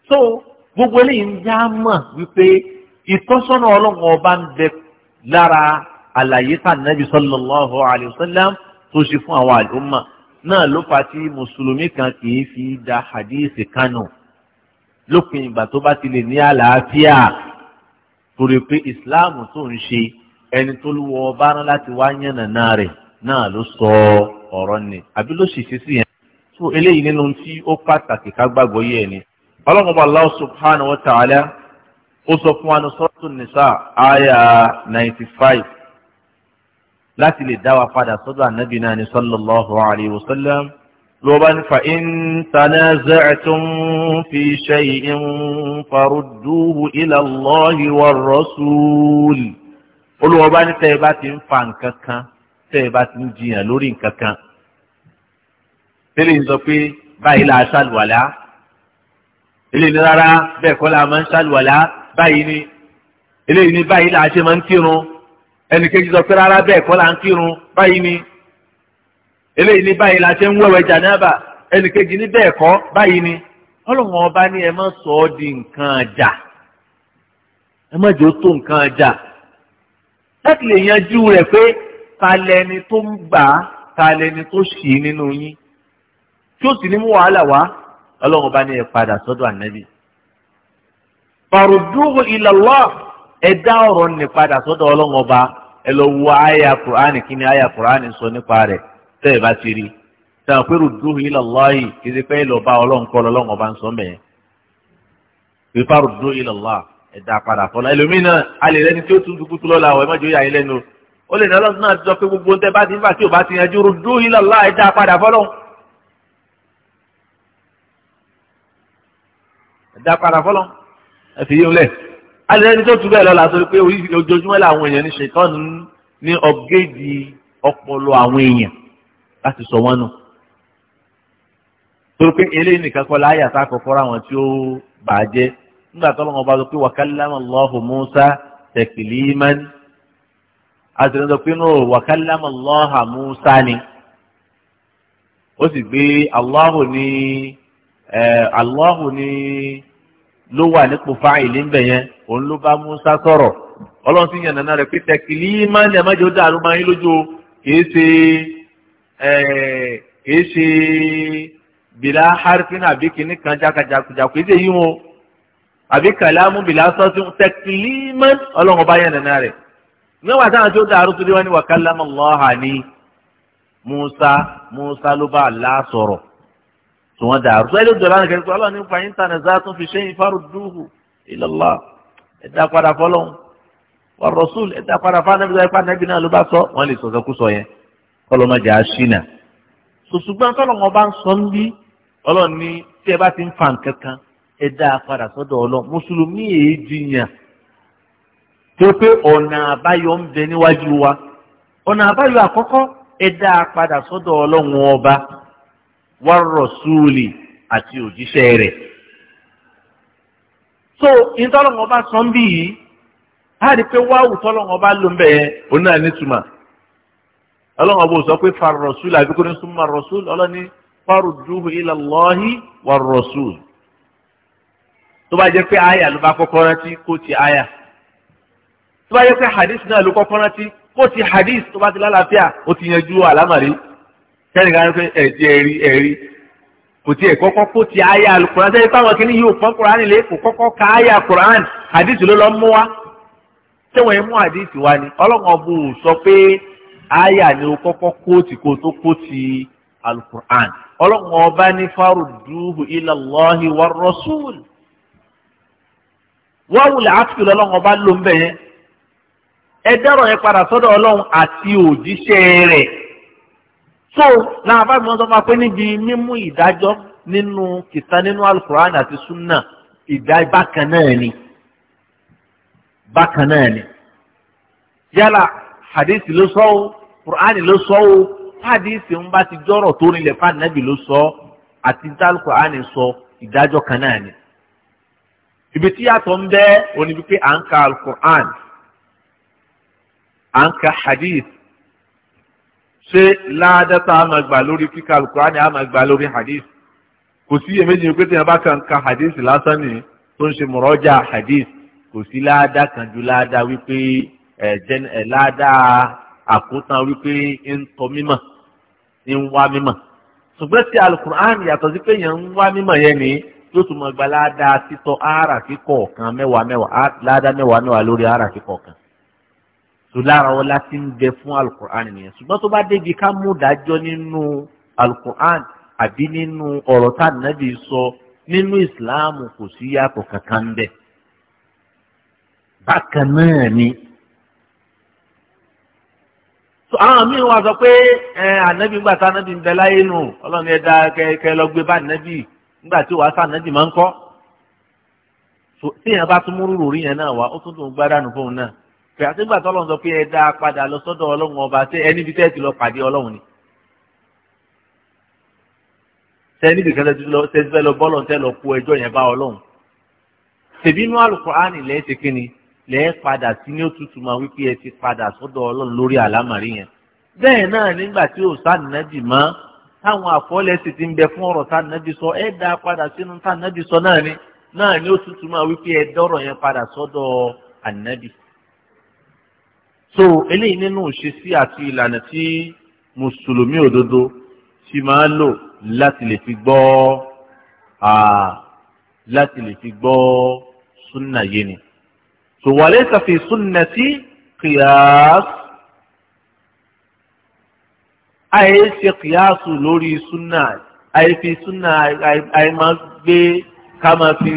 so gbogbo eléyìí ń já mọ̀ wípé ìtọ́sọ́nà ọlọ́run ọba ń bẹ lára àlàyé tá ànábì sallallahu alayhi wa sallam tó ṣe fún àwọn àlùmọ̀ náà ló fà tí mùsùlùmí kan kì í fi da hadíìsì kánò lópin ìgbà tó bá ti lè ní àlàáfíà torí pé ìsìláàmù tó ń ṣe ẹni tó lù wọ ọba rán láti wá yànnàná rẹ̀ náà ló sọ ọ́ ọ̀rọ̀ ni àbí ló ṣèṣe sí yẹn tó eléyìí nínú tí ó pàtàkì ká gbàgbọ́ yẹ ni ọlọ́run bá Allah subhanahu wa ta'ala ó sọ fún wa ní sọ́ọ̀tù nìṣà àyà ninety five láti lè dá wa padà sọ́dọ̀ ànábì náà ní sallallahu alayhi wa sallam ló bá ní fa in tanaza'tum fi shay'in farudduhu ila Allahi war rasul olùwọ́ bá ní tẹ́ ẹ bá ti ń fa nǹkan kan tẹ́ ẹ bá ti ń jiyàn lórí nǹkan kan tẹ́lẹ̀ ń sọ pé báyìí la ṣàlùwàlá eléyìí ní rárá bẹ́ẹ̀ kọ́ la máa ń ṣàlùwàlá báyìí ni eléyìí ní báyìí la ṣe máa ń kírun ẹnì kejì sọ pé rárá bẹ́ẹ̀ kọ́ la ń kírun báyìí ni eléyìí ní báyìí la ṣe ń wẹ̀wẹ̀ jànáàbà ẹnì kejì ní bẹ́ẹ̀ kọ́ báyìí ni ọlọ́run ọba ní ẹ má sọ ọ́ di nǹkan ọjà ẹ má jẹ́ ó tó nǹkan ọjà láti lè yanjú rẹ̀ pé ta lẹni tó ń gbà á ta tó ṣì nínú yín tí ó sì ní mú wàhálà wá ọlọ́run bá ní ẹ padà sọ́dọ̀ ànábì. farudduhu ila ẹ̀dá ọ̀rọ̀ ní padà sọ́dọ̀ ọlọ́run ọba ẹ lọ wo àyà kùránì kí ni àyà kùránì sọ nípa rẹ̀ tẹ́ ẹ bá ti rí sàn pé yìí kì í ṣe pé ẹ bá ọlọ́run kọ́ ọlọ́run ọba ń sọ mẹ́yẹn. ó lè ní ọlọ́run náà sọ pé gbogbo tẹ bá ti ń fà tí ò bá ti yanjú rúdú yìí lọ́la ẹ̀dá padà fọ́lọ́ ẹ̀dá padà fọ́lọ́ ẹ fi yín lẹ̀ alẹ́ni tó tu bẹ́ẹ̀ lọ́la sọ pé ojoojúmọ́ làwọn èèyàn ní ṣètọ́nù ní ọ̀gẹ́dì ọpọlọ àwọn èèyàn láti sọ wọn nù torí pé eléyìí nìkan kọ́ láyà tá a àwọn tí ó bàjẹ́ nígbà tó lọ́wọ́ bá lọ pé wàkálàmù àtìrẹ́sọ pé nù Musa ni o si gbe Allahu ni Allahu ní ló wà nípò fáìlì ńbẹ yẹn òun Musa sọrọ ọlọ́run sì yàn nàná rẹ pé tẹ̀kìlì máa ń lẹ̀ dàrú máa lójú kìí ṣe kìí ṣe bìlà àbí kìíní kan jákàjákùjà kìí ṣe yí wọn àbí kàlámù bìlà sọ́sùn máa ìgbẹ́ wà táwọn tó dàrú tó dé wá ní wa kallama Allah ní Musa Musa ló bá Allah sọ̀rọ̀ tí wọ́n dàrú tó ẹlẹ́dọ̀ lánàá kẹ́kẹ́ tó ọlọ́run nípa yín tàn ẹ̀zá tó fi ṣẹ́yìn farudduhu ila Allah ẹ̀dá padà fọlọ́hún wa rasul ẹ̀dá padà fánàbíyà ipá nàbí náà ló bá sọ wọ́n lè sọ̀sọ́ kú sọ yẹn kọ́lọ́mọjà ṣìnà ṣùṣùgbọ́n tọ́lọ́mọ bá tó pé ọ̀nà àbáyọ ń bẹ níwájú wa ọ̀nà àbáyọ àkọ́kọ́ ẹ dá a padà sọ́dọ̀ ọlọ́run ọba wà ati àti òjíṣẹ́ so ìtọ́lọ́run ọba sọ ń bí yìí rí i pé wáwù tọ́lọ́run ọba ló ń bẹ̀ ọba ò sọ pé rọ̀súùlì àbí kò ní súnmọ́ rọ̀súùlì ọlọ́ni wà rọ̀súùlì tó bá jẹ́ pé àyà ló bá kọ́kọ́ rántí kó ti tó bá yẹ pé hadith náà ló kọ́kọ́ rántí kó ti hadith tó bá ti lálàáfíà ó ti yanjú àlámàrí kẹ́ni ká pé ẹ̀jẹ̀ ẹ̀rí ẹ̀rí kò tiẹ̀ kọ́kọ́ kó ti àyà alukuran sẹ́yìn táwọn kìíní yìí ò fọ́n lé kò kọ́kọ́ ka àyà hadith ló lọ mú wa mú hadith wa ni sọ pé àyà ni ó kọ́kọ́ kó tó ọba ní ọba ló ẹ dẹ́rọ̀ yẹn padà sọ́dọ̀ ọlọ́run àti òjíṣẹ́ rẹ̀ so làwọn afáàmì wọn sọ fún wa pé níbi mímú ìdájọ́ nínú kìtà nínú alukur'an àti sunna ìdá bákan náà ni bákan náà ni yálà hadithi ló sọ o qur'an ló sọ o hadithi ń bá ti jọrọ tó nílẹ̀ fún anabi ló sọ àti tí alukur'an sọ ìdájọ́ kan náà ni ibi tí yàtọ̀ ń bẹ oníbi pé à ń ka alukur'an. à ń ka hadith ṣé ládàtà àmà gbà lórí kíkà alukurani àmà gbà lórí hadith kò sí èméjì pé tí wọn bá kàn ka hadith lásán ni tó ń ṣe mọ̀rọ́jà hadith kò sí ládàá kan ju ládàá wípé ẹ̀ ládàá àkótán wípé ń tọ́ mímọ̀ ń wá mímọ̀ ṣùgbọ́n tí alukur'an yàtọ̀ sí pé yẹn ń wá mímọ̀ yẹn ni yóò tún mọ̀ gba ládàá títọ́ ara kíkọ̀ kan mẹ́wàá mẹ́wàá ládàá mẹ́wàá mẹ́wàá lórí ara kíkọ̀ kan. so lára ọlá tí ń bẹ fún alukur'an nìyẹn ṣùgbọ́n tó bá débi ká mú dájọ́ nínú alukur'an àbí nínú ọ̀rọ̀ tá nnabi sọ nínú ìsìláàmù kò sí yàtọ̀ kankan bẹ́ẹ̀. bákan náà ni àwọn míì wá sọ pé ẹ ànábì ńgbà tá ànábì ń bẹ láyé nù ọlọ́run lọ gbé bá ànábì tí wàá sá ànábì máa ń kọ́ bá tún pé àtìgbà tọ́lọ́run sọ pé ẹ dá a padà lọ sọ́dọ̀ ọlọ́run ọba ṣé ẹni bí tẹ́ẹ̀tì lọ pàdé ọlọ́run ni sẹ́ni bìkan tẹ́tí fẹ́ lọ bọ́ọ̀lù tẹ́ lọ kó ẹjọ́ yẹn bá ọlọ́run tèbí inú àlùkùránì lẹ́ẹ̀ ṣe kíni lẹ́ẹ̀ padà sí ní òtútù máa wípé ẹ ti padà sọ́dọ̀ ọlọ́run lórí àlámàrí yẹn bẹ́ẹ̀ náà nígbà tí ò sànìnàbì mọ́ táwọn àfọlẹ́ sì ti ń bẹ fún ọ̀rọ̀ sànìnàbì sọ ẹ dá padà sínú sànìnàbì sọ náà ni náà ni òtútù máa wípé ẹ dọ́rọ̀ yẹn padà sọ́dọ̀ ànìnàbì so eléyìí nínú ìṣesí àti ìlànà tí mùsùlùmí òdodo ti máa ń lò láti lè fi gbọ́ láti lè fi gbọ́ súnà yé ni so wa laysa fi sunnati qiyas àyè ṣe kìyàsù lórí súnà àyè fi súnà àyè máa gbé ká máa fi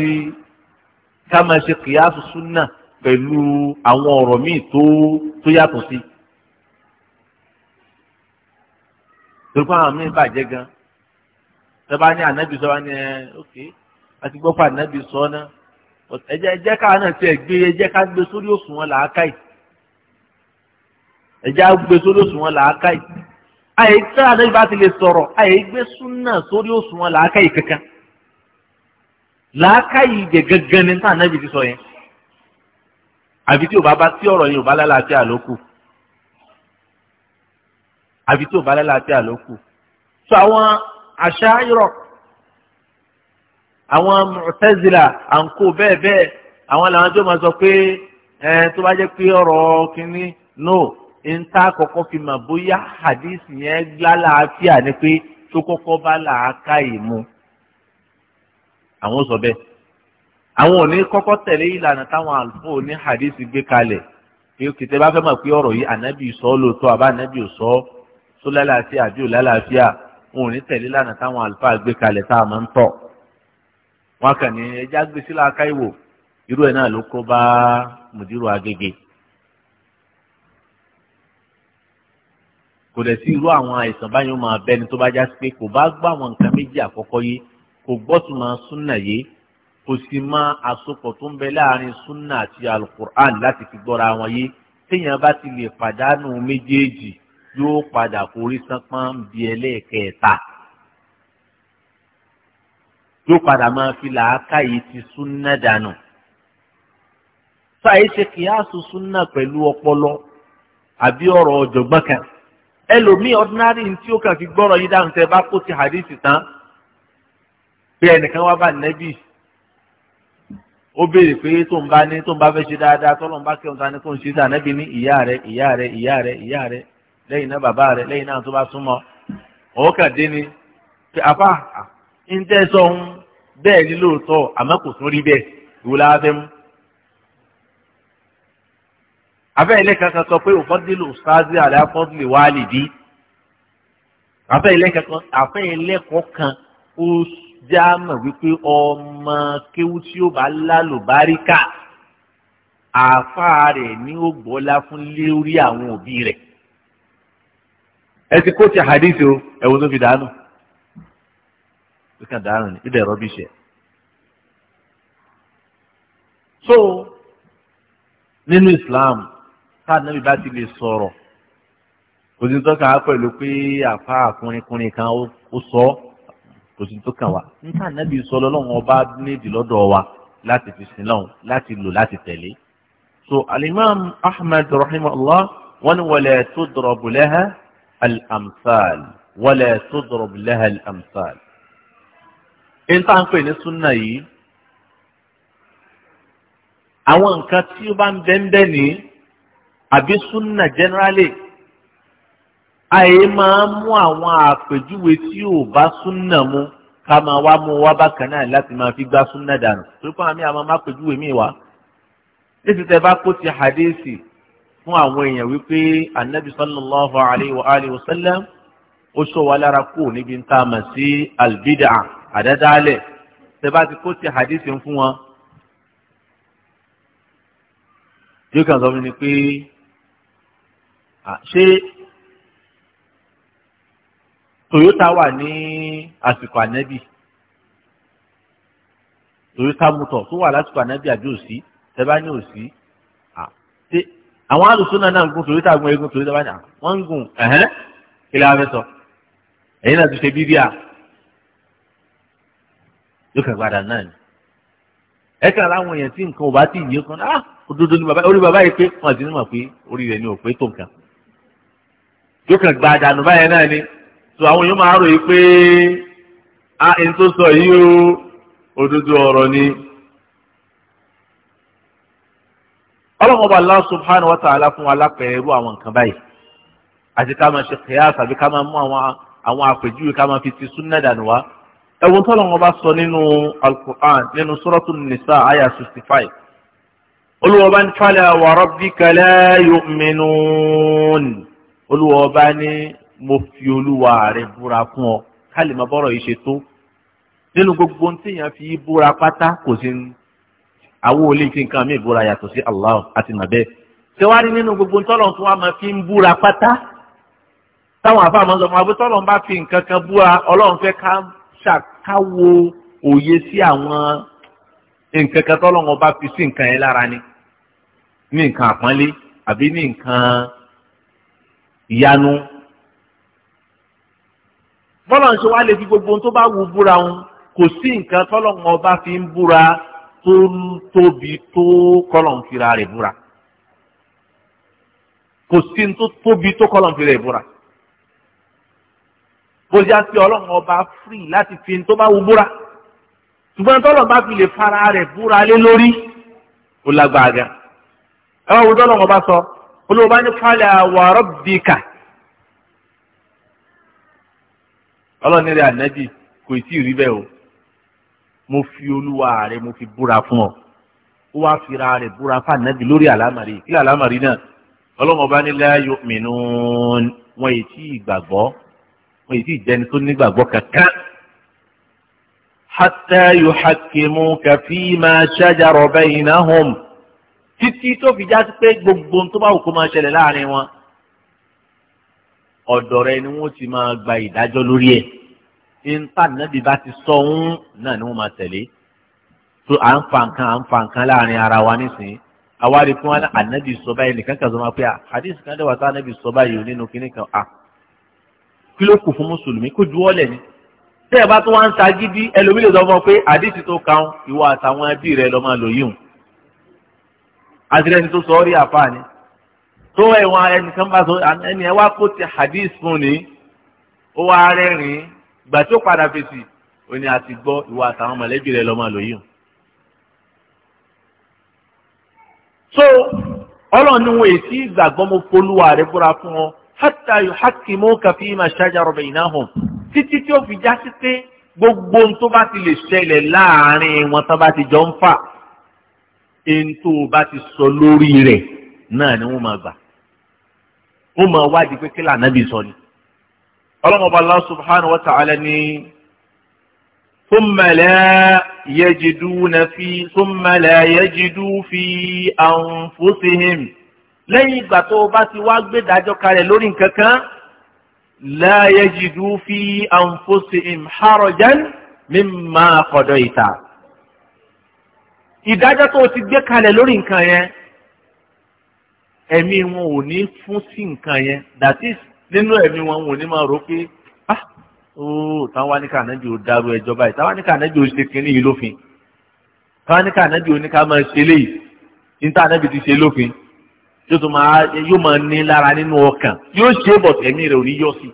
ká máa ṣe kìyàsù súnà pẹ̀lú àwọn ọ̀rọ̀ míì tó tó yàtọ̀ sí. torí pé àwọn míì bàjẹ́ gan sọba ní ànábì sọba ní ẹ ok àti gbọ́ pa ànábì sọ náà ẹjẹ ẹjẹ káà náà tiẹ̀ gbé ẹjẹ ká gbé sórí òṣùwọ̀n làákàyè ẹjẹ á gbé sórí òṣùwọ̀n làákàyè àyè tí ànábì bá ti lè sọ̀rọ̀ àyè gbé súnà sórí òṣùwọ̀n làákàyè kankan làákàyè gẹ̀gẹ́gẹ́ ni tí ànábì ti sọ yẹn àfi tí ò bá bá tí ọ̀rọ̀ yẹn ò bá lálàáfíà ló kù àfi tí ò bá lálàáfíà ló kù so àwọn àṣà irọ́ àwọn Mu'tazila àǹkó bẹ́ẹ̀ bẹ́ẹ̀ àwọn làwọn tó máa sọ pé ẹ tó bá jẹ́ pé ọ̀rọ̀ kínní no nta kọ́kọ́ fi mà bóyá hadith yẹn lálàáfíà ni pé tó kọ́kọ́ bá làákà yìí mu àwọn sọ bẹ́ẹ̀ àwọn ò ní kọ́kọ́ tẹ̀lé ìlànà táwọn àlùfò ní hadith gbé kalẹ̀ pé kìtẹ́ bá fẹ́ mọ̀ pé ọ̀rọ̀ yìí ànábì sọ ọ́ lóòótọ́ àbá ànábì ò sọ ọ́ tó lálàáfíà àbí ò lálàáfíà wọn ò ní tẹ̀lé ìlànà táwọn àlùfà gbé kalẹ̀ tá a máa ń tọ̀ wọn kàn ní ẹja gbé sílá káìwò irú ẹ̀ náà ló kó bá mùdírò Agége kò dẹ̀ sí irú àwọn àìsàn báyìí máa bẹ́ni tó bá já sí pé kò bá gbọ́ àwọn nǹkan méjì àkọ́kọ́ yìí kò gbọ́ tó máa súnà yìí kò sì mọ àsopọ̀ tó ń bẹ láàrin sunna àti alukur'an láti fi gbọ́ra wọn yé téèyàn bá ti lè pàdánù méjèèjì yóò padà forí sánpọ́n bí ẹlẹ́ẹ̀kẹta yóò padà máa fi làákà yìí ti súnà dànù sáà kìyàsù pẹ̀lú ọpọlọ àbí ọ̀rọ̀ ọ̀jọ̀gbọ́n kan ẹlòmíì ordinary fi gbọ́rọ̀ yìí dáhùn bá kó hadith tán bí ẹnìkan wá ó béèrè pé tó ń bá ní tó ń bá fẹ́ ṣe dáadáa tọ́lọ̀ ń bá kẹ́hùn ta ni kó ń ṣe dáa nẹ́bi ní ìyá rẹ ìyá rẹ ìyá rẹ ìyá rẹ lẹ́yìn náà bàbá rẹ lẹ́yìn náà tó bá súnmọ́ ọ̀ọ́kàdé ni pé afá ń tẹ́ ń bẹ́ẹ̀ ni lóòótọ́ àmọ́ kò tún rí bẹ́ẹ̀ ìwò la fẹ́ mú. afẹ́ ilé kankan sọ pé òfọ́dé lò sáájú àlẹ́ afọ́dúnlé wàá lè dí afẹ́ ilé kankan ó jẹ́ á mọ̀ wípé ọmọ kéwú tí ó bá lálùbáríkà àáfàá rẹ̀ ní ó gbọ́lá fún lórí àwọn òbí rẹ̀. ẹ ti kó ti hadith o ẹ̀wọ̀n tó fi dànù ó kàn dànù ní ilẹ̀ rọ́bìṣẹ̀. so nínú Islam táà náà bí bá ti lè sọ̀rọ̀ òsì tó kàn á pẹ̀lú pé àfa àkùnrinkùnrin kan ó sọ kò sí tó kàn wá níta nàbí sọlọ lọ́wọ́ ọba nídìí lọ́dọ̀ wa láti fi sin lọ́wọ́ láti lò láti tẹ̀lé. so alimam ahmed rahimahullah wọn ni wala tudrabu laha al-amsal wala tudrabu laha al-amsal. níta ń pè ní súnà yìí àwọn nǹkan tí ó bá ń bẹ́ńbẹ́ ní àbí súnà generally àyè máa mú àwọn àpèjúwe tí ò bá súnà mu ká máa wá mú wá bákan náà láti máa fi gbá súnà dànù torí pé àmì àwọn máa pèjúwe míì wá. níṣẹ́ tẹ́ bá kó ti hadisi fún àwọn èèyàn wípé anabi sallallahu alayhi wa alihi wa sallam ó sọ lára kú níbi tá a mọ̀ sí albida àdádálẹ̀ tẹ́ bá ti kó ti hadisi fún wọn. yóò kàn sọ fún mi pé ṣé. Toyota wà ní àsìkò ànẹ́bì Toyota mọ́tò tó wà lásìkò ànẹ́bì àbí òsì tẹ́bá ní òsì àwọn alùsùn náà náà ń gun Toyota gun egun Toyota báyìí wọ́n ń gun ẹ̀hẹ́n ilé afẹ́sọ ẹ̀yin náà ti ṣe bíbí à yóò kàn gbàdá náà ni ẹ kàn láwọn èèyàn tí nǹkan ò bá tì yín kan ah òdodo ni bàbá orí bàbá yìí pé wọn àti ní mọ̀ pé orí rẹ̀ ni ò pé tó nǹkan yóò kàn gbàdá nù báyẹn náà ni tó àwọn yóò máa rò yìí pé a ah, ẹni tó sọ yìí o òdodo ọ̀rọ̀ ni. ọlọ́run ọba Allah subhanahu wa ta'ala fún wa lápẹ̀ẹ́rú àwọn nǹkan báyìí àti ká máa ṣe kìyàsí àbí ká máa mú àwọn àwọn àpèjúwe ká máa fi ti súnná dànù wá. ẹ̀wọ̀n tọ́lọ́run ọba sọ nínú al-Qur'an nínú suratul nisa àyà sixty five olùwọ́ba ní fala wa rabbika la yu'minun olùwọ́ba ní mo fi olúwa rẹ búra fún ọ ká lè mọ bọ́rọ̀ yìí ṣe tó nínú gbogbo ohun téèyàn fi búra pátá kò sí àwọn olè nǹkan mi búra yàtọ̀ sí Allah àti nàbẹ́ ṣéwárí nínú gbogbo tọ́lọ̀ tó wà máa fi ń búra pátá táwọn àfa àmọ́ sọmọ àbí tọ́lọ̀ bá fi nǹkan kan búra ọlọ́run fẹ́ ká ṣàkáwo òye sí àwọn nǹkan kan tọ́lọ̀ wọn bá fi sí nǹkan yẹn lára ni ní nǹkan àpọ́nlé àbí ní nǹkan ìyanu bọ́lá ń ṣe wá lè fi gbogbo ohun tó bá wù búra wọn kò sí nǹkan tọ́lọ́mọ ọba fi ń búra tó tóbi tó kọ́lọ̀ rẹ̀ búra kò sí tó tóbi tó kọ́lọ̀ rẹ̀ búra bó ṣe á sí ọlọ́mọ ọba free láti fi tó bá wù búra ṣùgbọ́n tọ́lọ̀ bá fi lè fara rẹ̀ búra lé lórí ó lágbára gan ẹ wá wo tọ́lọ̀ ọba sọ olùwọ́n bá ní falẹ̀ àwọ̀ rọ́bìkà. ọlọ́run nílẹ̀ ànábì kò tí ì rí bẹ́ẹ̀ o mo fi olúwa rẹ mo fi búra fún ọ ó wá fira rẹ búra fún ànábì lórí àlámàrí kí àlámàrí náà ọlọ́run ọba nílẹ̀ yu'minun wọn yìí tí ì gbàgbọ́ wọn yìí tí ì jẹni tó nígbàgbọ́ kankan. hatta yuhakkimuka fima shajara bainahum títí tó fi já sí pé gbogbo tó bá wù kó máa ṣẹlẹ̀ láàrin wọn ọ̀dọ̀ rẹ ni wọ́n ti máa gba ìdájọ́ lórí ẹ̀ nípa nàbí bá ti sọ òun náà ni wọ́n máa tẹ̀lé tó à ń fa nǹkan à ń fa nǹkan láàrin ara wa nísìnyí àwárí fún wa ní ànábì sọ báyìí nìkan kan sọ ma pé àdìsí kan dẹ̀ wà tá ànábì sọ báyìí ò nínú kíní kan kí ló kù fún mùsùlùmí kó ju ọ́lẹ̀ ni tẹ́ ẹ bá tún wá ń ta gidi ẹlòmíì sọ fún ọ pé àdìsí tó kàn ìwọ àtàwọn ẹbí rẹ lọ́ máa lò yìí àdìrẹ́ni tó sọ ọ́ rí àfáà ni tó ẹ̀wọ̀n ẹnìkan bá sọ ẹni ẹ wá kó ti hadith fún ni ó wá rẹ́rìn-ín ìgbà tó padà fèsì ó ní àti gbọ́ ìwà àtàwọn mọ̀lẹ́bí rẹ̀ lọ́mọ lòyún. so ọlọ́run ní wọn èsì ìgbàgbọ́ mo polúwa rẹ̀ búra fún ọ hatta yuhakkimuka fima shajara bainahum títí tí ó fi já sí pé gbogbo ohun tó bá ti lè ṣẹlẹ̀ láàrin wọn tó bá ti jọ ń fà èyí tó bá ti sọ lórí rẹ̀ náà ni wọ́n máa gbà ó máa wádìí pé kílà ànábì sọ ni. ọlọ́run ọba Allah subhanahu wa ta'ala ni thumma la yajiduna fi thumma la yajidu fi anfusihim lẹ́yìn ìgbà tó o bá ti wá gbé dájọ́ kalẹ̀ lórí nǹkan kan la yajidu fi anfusihim harajan mimma qadayta ìdájọ́ tó o ti gbé kalẹ̀ lórí nǹkan yẹn ẹ̀mí wọn ò ní fún sí nǹkan yẹn that is nínú ẹ̀mí wọn wọn ní máa rò pé ah ooo táwa ní kànáàbì ò dárú ẹjọ́ báyìí táwa ní kànáàbì ò ní ò ní ká máa ṣe ti ṣe lófin yóò máa yóò máa ní lára nínú ọkàn yóò ṣe bọ̀ ẹ̀mí rẹ̀ ò ní yọ sí i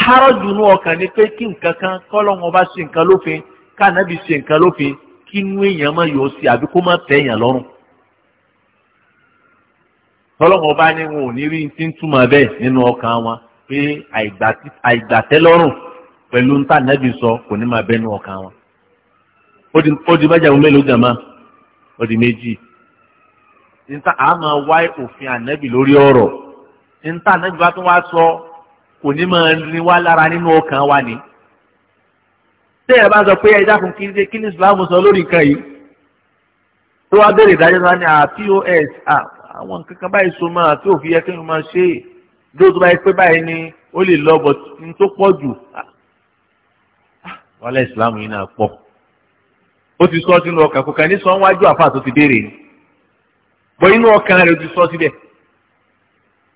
hárọ̀jù ọkàn ni pé kí nǹkan kan ṣe nǹkan lófin ṣe nǹkan lófin kí àbí kó tẹ̀ èèyàn lọ́rùn tọ́lọ́mọ bá ní wọn ò ní rí ti ń túmọ̀ bẹ́ẹ̀ nínú ọkàn wọn pé àìgbàtẹ́lọ́rùn pẹ̀lú níta nẹ́bí sọ kò ní máa bẹ́nu ọkàn wọn. ó di májàmú mélòó jàmá ó di méjì níta àá máa wá òfin ànẹ́bí lórí ọ̀rọ̀ níta ànẹ́bí bá tún wá sọ kò ní máa ní wá lára nínú ọkàn wa ni. téèyàn bá sọ pé ẹ dákun kí ní Islam sọ lórí nǹkan yìí tó wá béèrè ìdájọ́ sọ ní à ah, àwọn nǹkan kan báyìí so máa tí òfin yẹ kí wọ́n máa ṣe é dúró tó báyìí pé báyìí ni ó lè lọ bọ̀ ní tó pọ̀ jù wàhálà ìsìláàmù yìí náà pọ̀ ó ti sọ sínú ọkàn kò ní sọ wájú àfáà tó ti béèrè ni bọ́ inú ọkàn rẹ̀ ó ti sọ síbẹ̀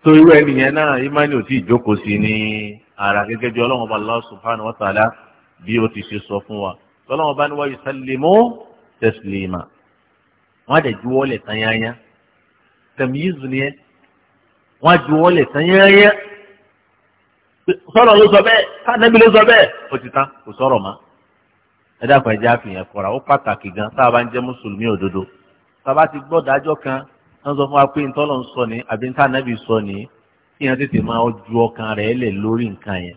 tó irú ẹnìyẹn náà imáni ò tí ì jókòó sí ní ara gẹ́gẹ́ bí ọlọ́run ọba Allah subhanahu wa ta'ala bí ó ti ṣe sọ fún wa ọlọ́run ọba ni wa yusallimu taslima wọ́n á dẹ̀ juwọ́ lẹ̀ tanyanya tẹ̀míyìzù nìyẹn wọ́n á ju wọ́n lẹ̀ tán yẹ́yẹ́ sọ̀rọ̀ ló sọ bẹ́ẹ̀ kánẹ́bí ló sọ bẹ́ẹ̀ ó ti tán kò sọ̀rọ̀ mọ́ ẹ dákun ẹjẹ́ àfihàn kọ́ra ó pàtàkì gan tá a bá ń jẹ́ mùsùlùmí òdodo tá a bá ti gbọ́ dájọ́ kan wọ́n sọ fún wa pé ntọ́lọ̀ ń sọ ní àbí ntànẹ́bí sọ ní kí yẹn tètè máa ju ọkàn rẹ̀ lẹ̀ lórí nǹkan yẹn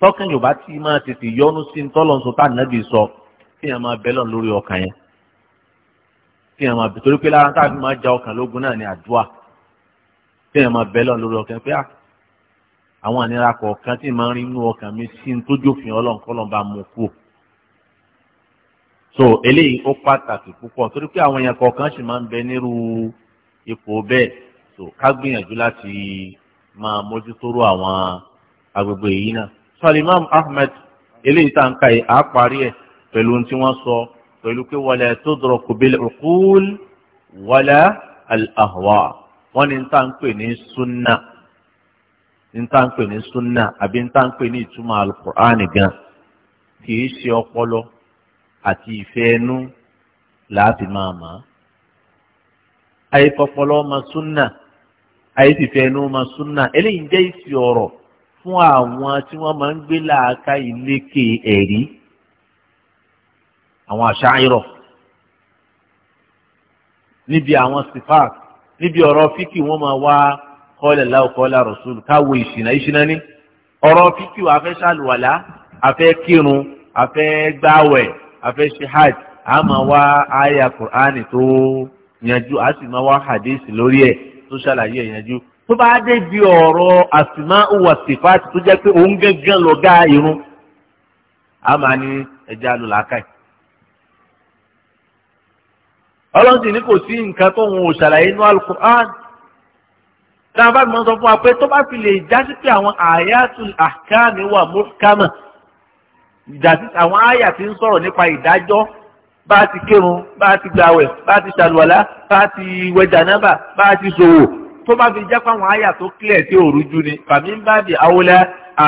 tọ́kàn yorùbá tí máa tètè yọnu sí ntọ́lọ̀ ń sọ tànẹ́bí sọ kí yẹn máa bẹ́lọ̀ lórí ọkàn yẹn kí ma máa bẹ torí pé lára tá a fi máa ja ọkàn lógun náà ni àdúrà kí ma máa bẹ lọ lórí ọkàn pé àwọn ànira kọ̀ọ̀kan tí máa ń rí inú ọkàn mi sí ní tójú òfin ọlọ́run bá mú kú. so eléyìí ó pàtàkì púpọ̀ torí pé àwọn èèyàn kọ̀ọ̀kan sì máa ń bẹ nírú ipò bẹ́ẹ̀ so ká gbìyànjú láti máa mójútóró àwọn agbègbè yìí náà. sọ Imam Ahmed eléyìí tá à ń ka yìí àá parí ẹ̀ pẹ̀lú ohun tí wọ́n sọ pẹ̀lú pé wala tudraku bil uqul wala al ahwa wọ́n ní nta ń pè ní sunna nta ń pè ní sunna àbí nta ń pè ní ìtumọ̀ alukur'ani gan kìí ṣe ọpọlọ àti ìfẹ́ láti máa mọ̀ ọ́. ayé pọpọlọ ma súnà ayé fìfẹ́ ẹnu súnà eléyìí jẹ́ ìsì ọ̀rọ̀ fún àwọn tí wọ́n máa ń gbé làákà ìlékè ẹ̀rí àwọn àṣàyírọ̀ níbi àwọn sifat níbi ọ̀rọ̀ fíkì wọ́n máa wá kọ́lẹ̀ láwù kọ́lẹ̀ rọ̀ṣùlù káwo ìṣìnà ìṣìnà ní ọ̀rọ̀ fíkì wà fẹ́ ṣàlùwàlá afẹ́ kírun afẹ́ gbáwẹ̀ afẹ́ ṣe hajj a máa wá àyà kùránì tó yanjú a sì máa wá hadith lórí ẹ̀ tó ṣàlàyé ẹ̀ yanjú tó bá dé bí ọ̀rọ̀ àsìmá wà sifat tó jẹ́ pé òun gángan lọ́gá irun a máa ní ẹja lò lákàì ọlọ́run sì ní kò sí nǹkan tó ń ṣàlàyé inú alukur'an tá a bá mọ sọ fún wa pé tó bá fi lè jásí pé àwọn àyàtúl àkáàmì wà mọ́kámà ìdásí àwọn àyà ti ń sọ̀rọ̀ nípa ìdájọ́ bá a ti kírun bá a ti gbàwẹ̀ bá a ti ṣàlùwàlá bá a ti wẹ̀jànábà bá a ti ṣòwò tó bá fi jẹ́ pé àwọn àyà tó kílẹ̀ tí ò rújú ni fàmí ń bá di àwòlá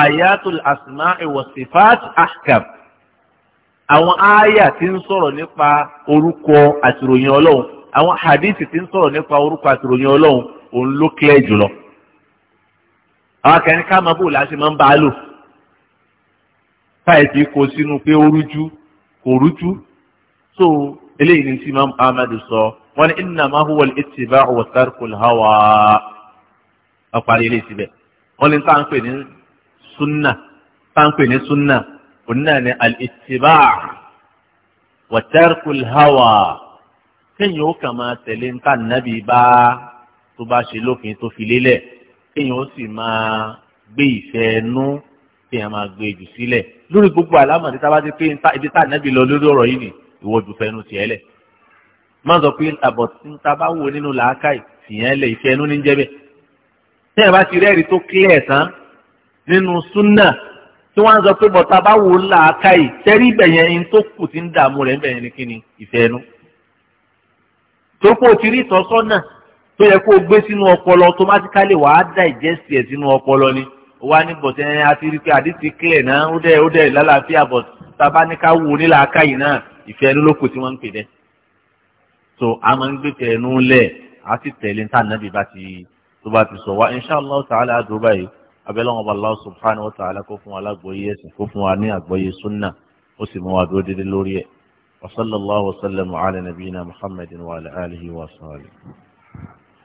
àyàtúl àsìmá ìwọ̀sífàt àkàmù. àwọn aya ti ń sọ̀rọ̀ nípa orúkọ àtìròyìn ọlọ́run àwọn hadith ti ń sọ̀rọ̀ nípa orúkọ àtìròyìn ọlọ́run òun ló kílẹ̀ jùlọ. àwọn akẹ́rin ká máa bò láti máa ń bá a lò táyì tí kò sínú pé ó rújú kò rújú so eléyìí ni tí Imam Ahmad sọ wọn ni innama huwa al wa hawa ọ̀parí ilé ìsibẹ̀ wọn ni sunna pè sunna. òun náà ni al-ittiba wa tarkul hawa kéèyàn ó kàn máa tẹ̀lé nǹka nàbì bá tó bá ṣe lófin tó fi lélẹ̀ kéèyàn ó sì máa gbé ìfẹ́ ẹnu kéèyàn máa gbé jù sílẹ̀ lórí gbogbo àlámọ̀dé tá a bá ti pé ibi tá nàbì lọ lórí ọ̀rọ̀ yìí ni ìwọ jù fẹ́nu tiẹ̀ lẹ̀ má sọ pé àbọ̀ tá bá wò nínú làákàyè tìyẹn lẹ̀ ìfẹ́ ẹnu ní jẹ́bẹ̀ tẹ́yìn bá ti rẹ́ẹ̀rí tó kílẹ̀ tán nínú súnà tí wọ́n á sọ pé bọ̀tà bá wò láàká yìí tẹ́rí ibẹ̀ yẹn ní tó kù tí ń dààmú rẹ̀ ibẹ̀ yẹn ni kíni ìfẹ́ ẹnu. tó kó o ti rí ìtọ́sọ́nà tó yẹ kó o gbé sínú ọpọlọ automatically wàá dá ìjẹ́sì ẹ̀ sínú ọpọlọ ni wàá ní bọ̀tà yẹn a ti rí pé àdìsí clear náà ó dẹ̀ ó dẹ̀ lálàáfíà bọ̀ tábà ní ká wò ní láàká yìí náà ìfẹ́ ẹnu ló kù tí wọ́n ń pè dẹ́. so a máa ń gbé tẹ̀ ẹnu lẹ̀ á sì tẹ̀lé ní tá abẹ́lẹ́wọ̀n ọba Allah subhanahu wa ta'ala kó fún wa lágbóyè ẹ̀sìn kó fún wa ní àgbóyè súnà ó sì mú wa dúró dédé lórí ẹ̀ wa sallallahu wa sallam ala nabiyina muhammadin wa ala alihi wa sahbihi.